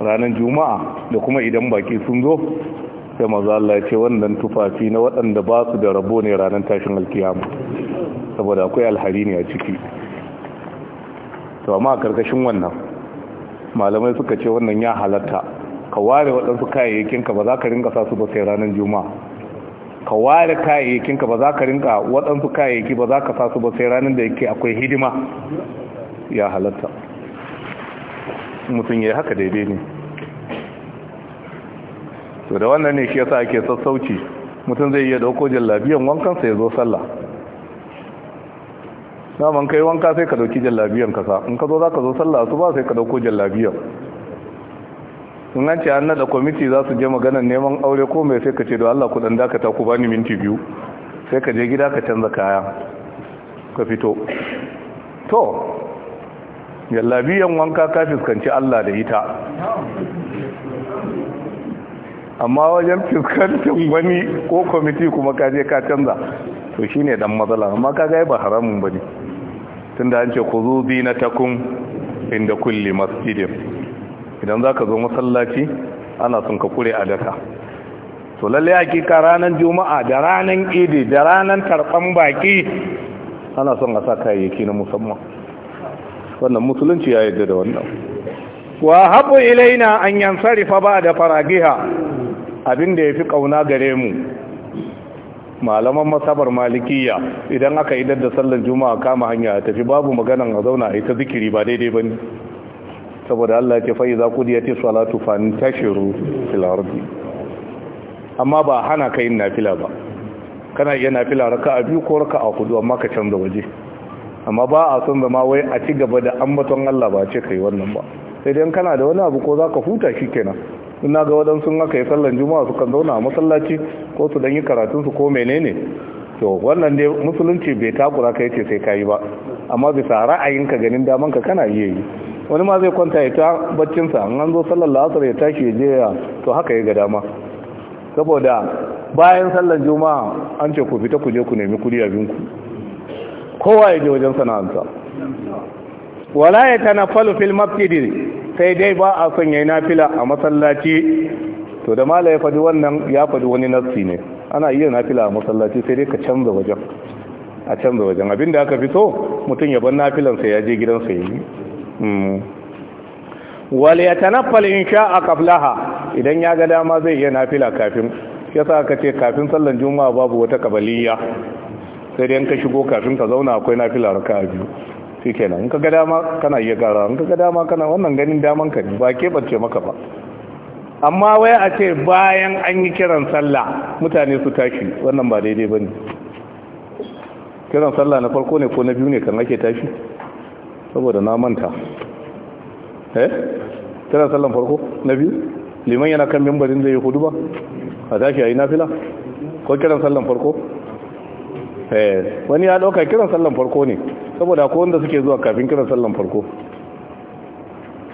ranar juma'a da kuma idan baki sun zo sai Maza Allah ya ce wannan tufafi na waɗanda ba su da rabo ne ranar tashin alkiyama saboda akwai alhari ne a ciki to a ƙarƙashin wannan malamai suka ce wannan ya halatta ka ware waɗansu kayayyakinka ba za ka rinka sa su ba sai ranar juma'a ka ware kayayyakinka ba za ka rinka waɗansu kayayyaki ba za ka sa su ba sai ranar da yake akwai hidima ya halatta mutum ya yi haka daidai ne to da wannan ne shi yasa ake sassauci mutum zai iya dauko jallabiyan wankan sai ya zo sallah man kai wanka sai ka dauki jallabiyan ka sa in ka zo zaka zo sallah su ba sai ka dauko jallabiyan in an ce an nada kwamiti za su je maganar neman aure ko mai sai ka ce da Allah ku dan dakata ku bani minti biyu sai ka je gida ka canza kaya ka fito to jallabiyan wanka ka fuskanci Allah da ita amma wajen fuskantar wani ko kwamiti kuma ka je ka canza to shine dan matsala amma ka gaya ba haramun bane tunda an ce na takun inda kulli masjidin idan za ka zo masallaci ana son ka kure a daka. to lalle hakika ranar juma'a da ranar idi da ranar tarban baki ana son a sa kayayyaki na musamman wannan musulunci ya yarda da wannan wa habu ilaina an yansarifa ba da faragiha abin da ya fi ƙauna gare mu malaman masabar malikiya idan aka yi dadda sallar juma'a kama hanya tafi babu maganan a zauna a ita zikiri ba daidai ba ne saboda Allah ke fayi za ku ya ce salatu fanin tashiru filarbi amma ba hana ka yin nafila ba kana iya nafila raka a biyu ko raka a hudu amma ka canza waje amma ba a son zama wai a ci gaba da ambaton Allah ba ce ka yi wannan ba sai dai kana da wani abu ko za ka huta shi kenan suna ga waɗansu sun aka yi sallan juma'a sukan zauna a masallaci ko su dan yi karatunsu ko menene to wannan ne musulunci bai takura kai ce sai kayi ba amma ra'ayin ka ganin daman ka kana iya yi wani ma zai kwanta ya ta baccin an an zo sallar la'asar ya tashi ya je ya to haka ya ga dama saboda bayan sallar juma'a an ce ku fita ku je ku nemi kudi a binku kowa ya je wajen sana'anta wala ya tana falo fil masjidi sai dai ba a son yayi nafila a masallaci to da mala ya faɗi wannan ya faɗi wani nassi ne ana iya nafila a masallaci sai dai ka canza wajen a canza wajen abinda aka fi so mutum ya bar nafilansa ya je gidan gidansa ya yi hmm. wal yatanaffal insha'a qablaha idan ya ga dama zai iya nafila kafin yasa aka ce kafin sallan juma'a babu wata kabaliya sai dai ka shigo kafin ka zauna akwai nafila raka'a biyu shi kenan in ka ga dama kana iya gara in ka ga dama kana wannan ganin daman ka ne ba ke bace maka ba amma wai a ce bayan an yi kiran sallah mutane su tashi wannan ba daidai ba ne kiran sallah na farko ne ko na biyu ne kan ake tashi saboda na manta eh kiran sallah farko na biyu liman yana kan mimbarin zai yi hudu ba a tashi ayi nafila ko kiran sallan farko Eh, wani ya dauka kiran sallan farko ne saboda ko wanda suke zuwa kafin kiran sallan farko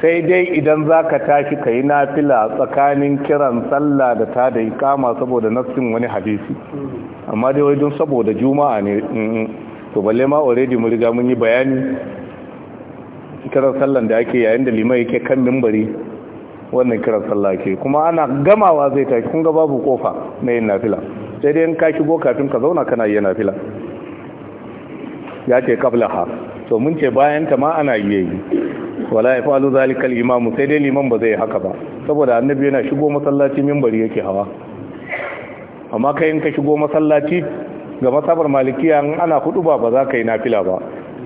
sai dai idan za ka tashi ka yi nafila tsakanin kiran sallah da ta da ikama saboda nassin wani hadisi amma dai wajen saboda juma'a ne to balle ma already mun riga mun yi bayani kiran sallan da ake yayin da limai yake kan mimbari wannan kiran sallah ke kuma ana gamawa zai tashi kun ga babu kofa na yin nafila sai dai ka shigo kafin ka zauna kana yi nafila ya ce ha to mun ce bayan ta ma ana yi yi wala ya fa'alu zalika al-imamu sai dai liman ba zai haka ba saboda annabi yana shigo masallaci minbari yake hawa amma kai in ka shigo masallaci ga masabar malikiya ana hudu ba ba za ka yi nafila ba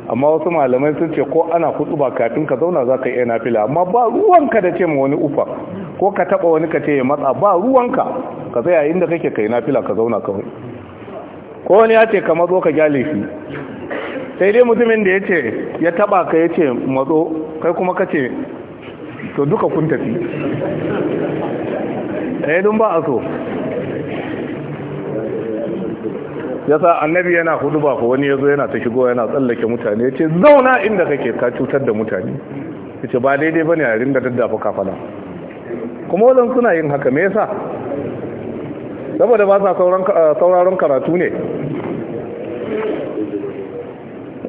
amma wasu malamai sun ce ko ana hudu ba kafin ka zauna za ka iya nafila amma ba ruwanka da ce ma wani ufa ko ka taba wani ka ce ya matsa ba ruwanka ka yayin inda kake kai nafila ka zauna kawai ko wani ya ce ka mazo ka gyale shi sai dai mutumin da ya ce ya taba ka ya ce matso kai kuma ka ce to duka kun tafi ɗaya eh, dun ba a so yasa annabi yana huduba ko wani zo yana ta shigo yana tsallake mutane yace zauna inda kake ka cutar da mutane yace ba daidai bane a ringa daddafa kafala kuma wadan suna yin haka me yasa saboda ba sa eh, sauraron karatu ne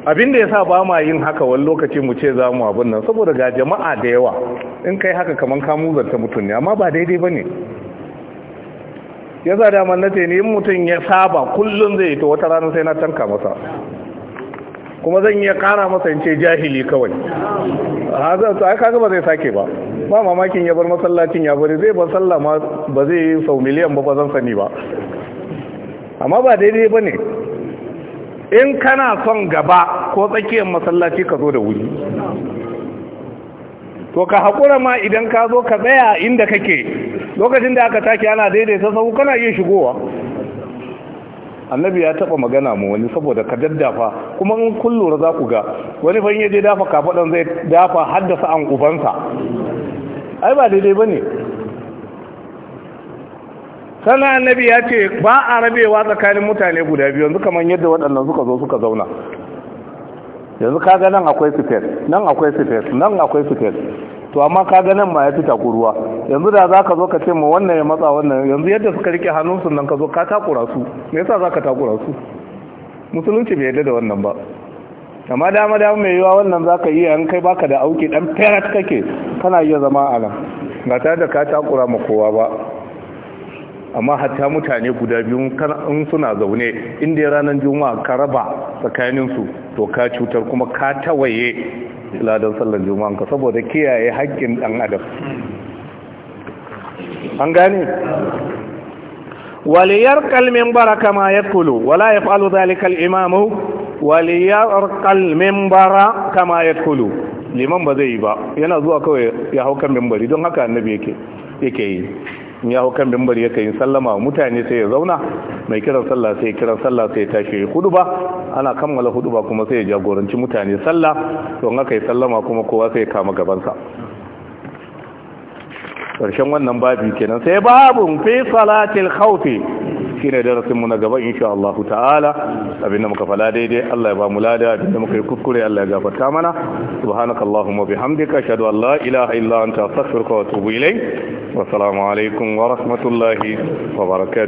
abin ya sa ba ma yin haka wani lokaci mu ce za mu abin nan saboda ga jama'a da yawa in kai haka kamar ka muzarta mutum ne amma ba daidai ba ne ya za dama na ce ne mutum ya saba kullum zai to wata rana sai na tanka masa kuma zan iya kara masa in ce jahili kawai hazan a kaga ba zai sake ba ba mamakin ya bar masallacin ya bari zai bar sallah ma ba zai yi sau miliyan ba ba zan sani ba amma ba daidai ba ne in kana son gaba ko tsakiyar masallaci ka zo da wuri to ka haƙura ma idan ka zo ka tsaya inda kake lokacin da aka take ana daidaita sahu kana iya shigowa annabi ya taba magana mu wani saboda ka daddafa kuma in kun lura za ku ga wani fa yaje dafa kafadan zai dafa haddasa an ubansa ai ba daidai bane sannan annabi ya ce ba a rabewa tsakanin mutane guda biyu yanzu kamar yadda waɗannan suka zo suka zauna yanzu kaga nan akwai sifes, nan akwai sifes, nan akwai sifes. to amma ka ga nan ma ya fi takuruwa yanzu da za ka zo ka ce ma wannan ya matsa wannan yanzu yadda suka rike hannunsu nan ka zo ka takura su me yasa za ka takura su musulunci bai yadda da wannan ba amma dama dama mai yiwa wannan za ka iya an kai baka da auki dan ferat kake kana iya zama a nan ba tare da ka takura ma kowa ba amma hatta mutane guda biyu in suna zaune inda ya ranar juma'a ka raba tsakaninsu to ka cutar kuma ka tawaye ladan sallar juma'an ka saboda kiyaye haƙƙin ɗan adam an gane kalmin bara baraka ma kulu. wala yaf'alu dhalika al-imam waliyarkal kalmin bara kama kulu. liman ba zai yi ba yana zuwa kawai ya hau kan mimbari don haka annabi yake yi in ya hau kan mimbar ya yi sallama wa mutane sai ya zauna mai kiran sallah sai kiran sallah sai tashi ya hudu ba ana kammala hudu ba kuma sai ya jagoranci mutane sallah don haka ya sallama kuma kowa sai ya kama gabansa ƙarshen wannan babi kenan sai babun fi salatil khawfi shine darasin mu na gaba insha Allah ta'ala abinda muka fala daidai Allah ya ba mu lada abinda muka yi kuskure Allah ya gafarta mana subhanakallahumma bihamdika ashhadu an la ilaha illa anta astaghfiruka wa atubu ilayk wa assalamu alaikum wa rahmatullahi wa barakatuh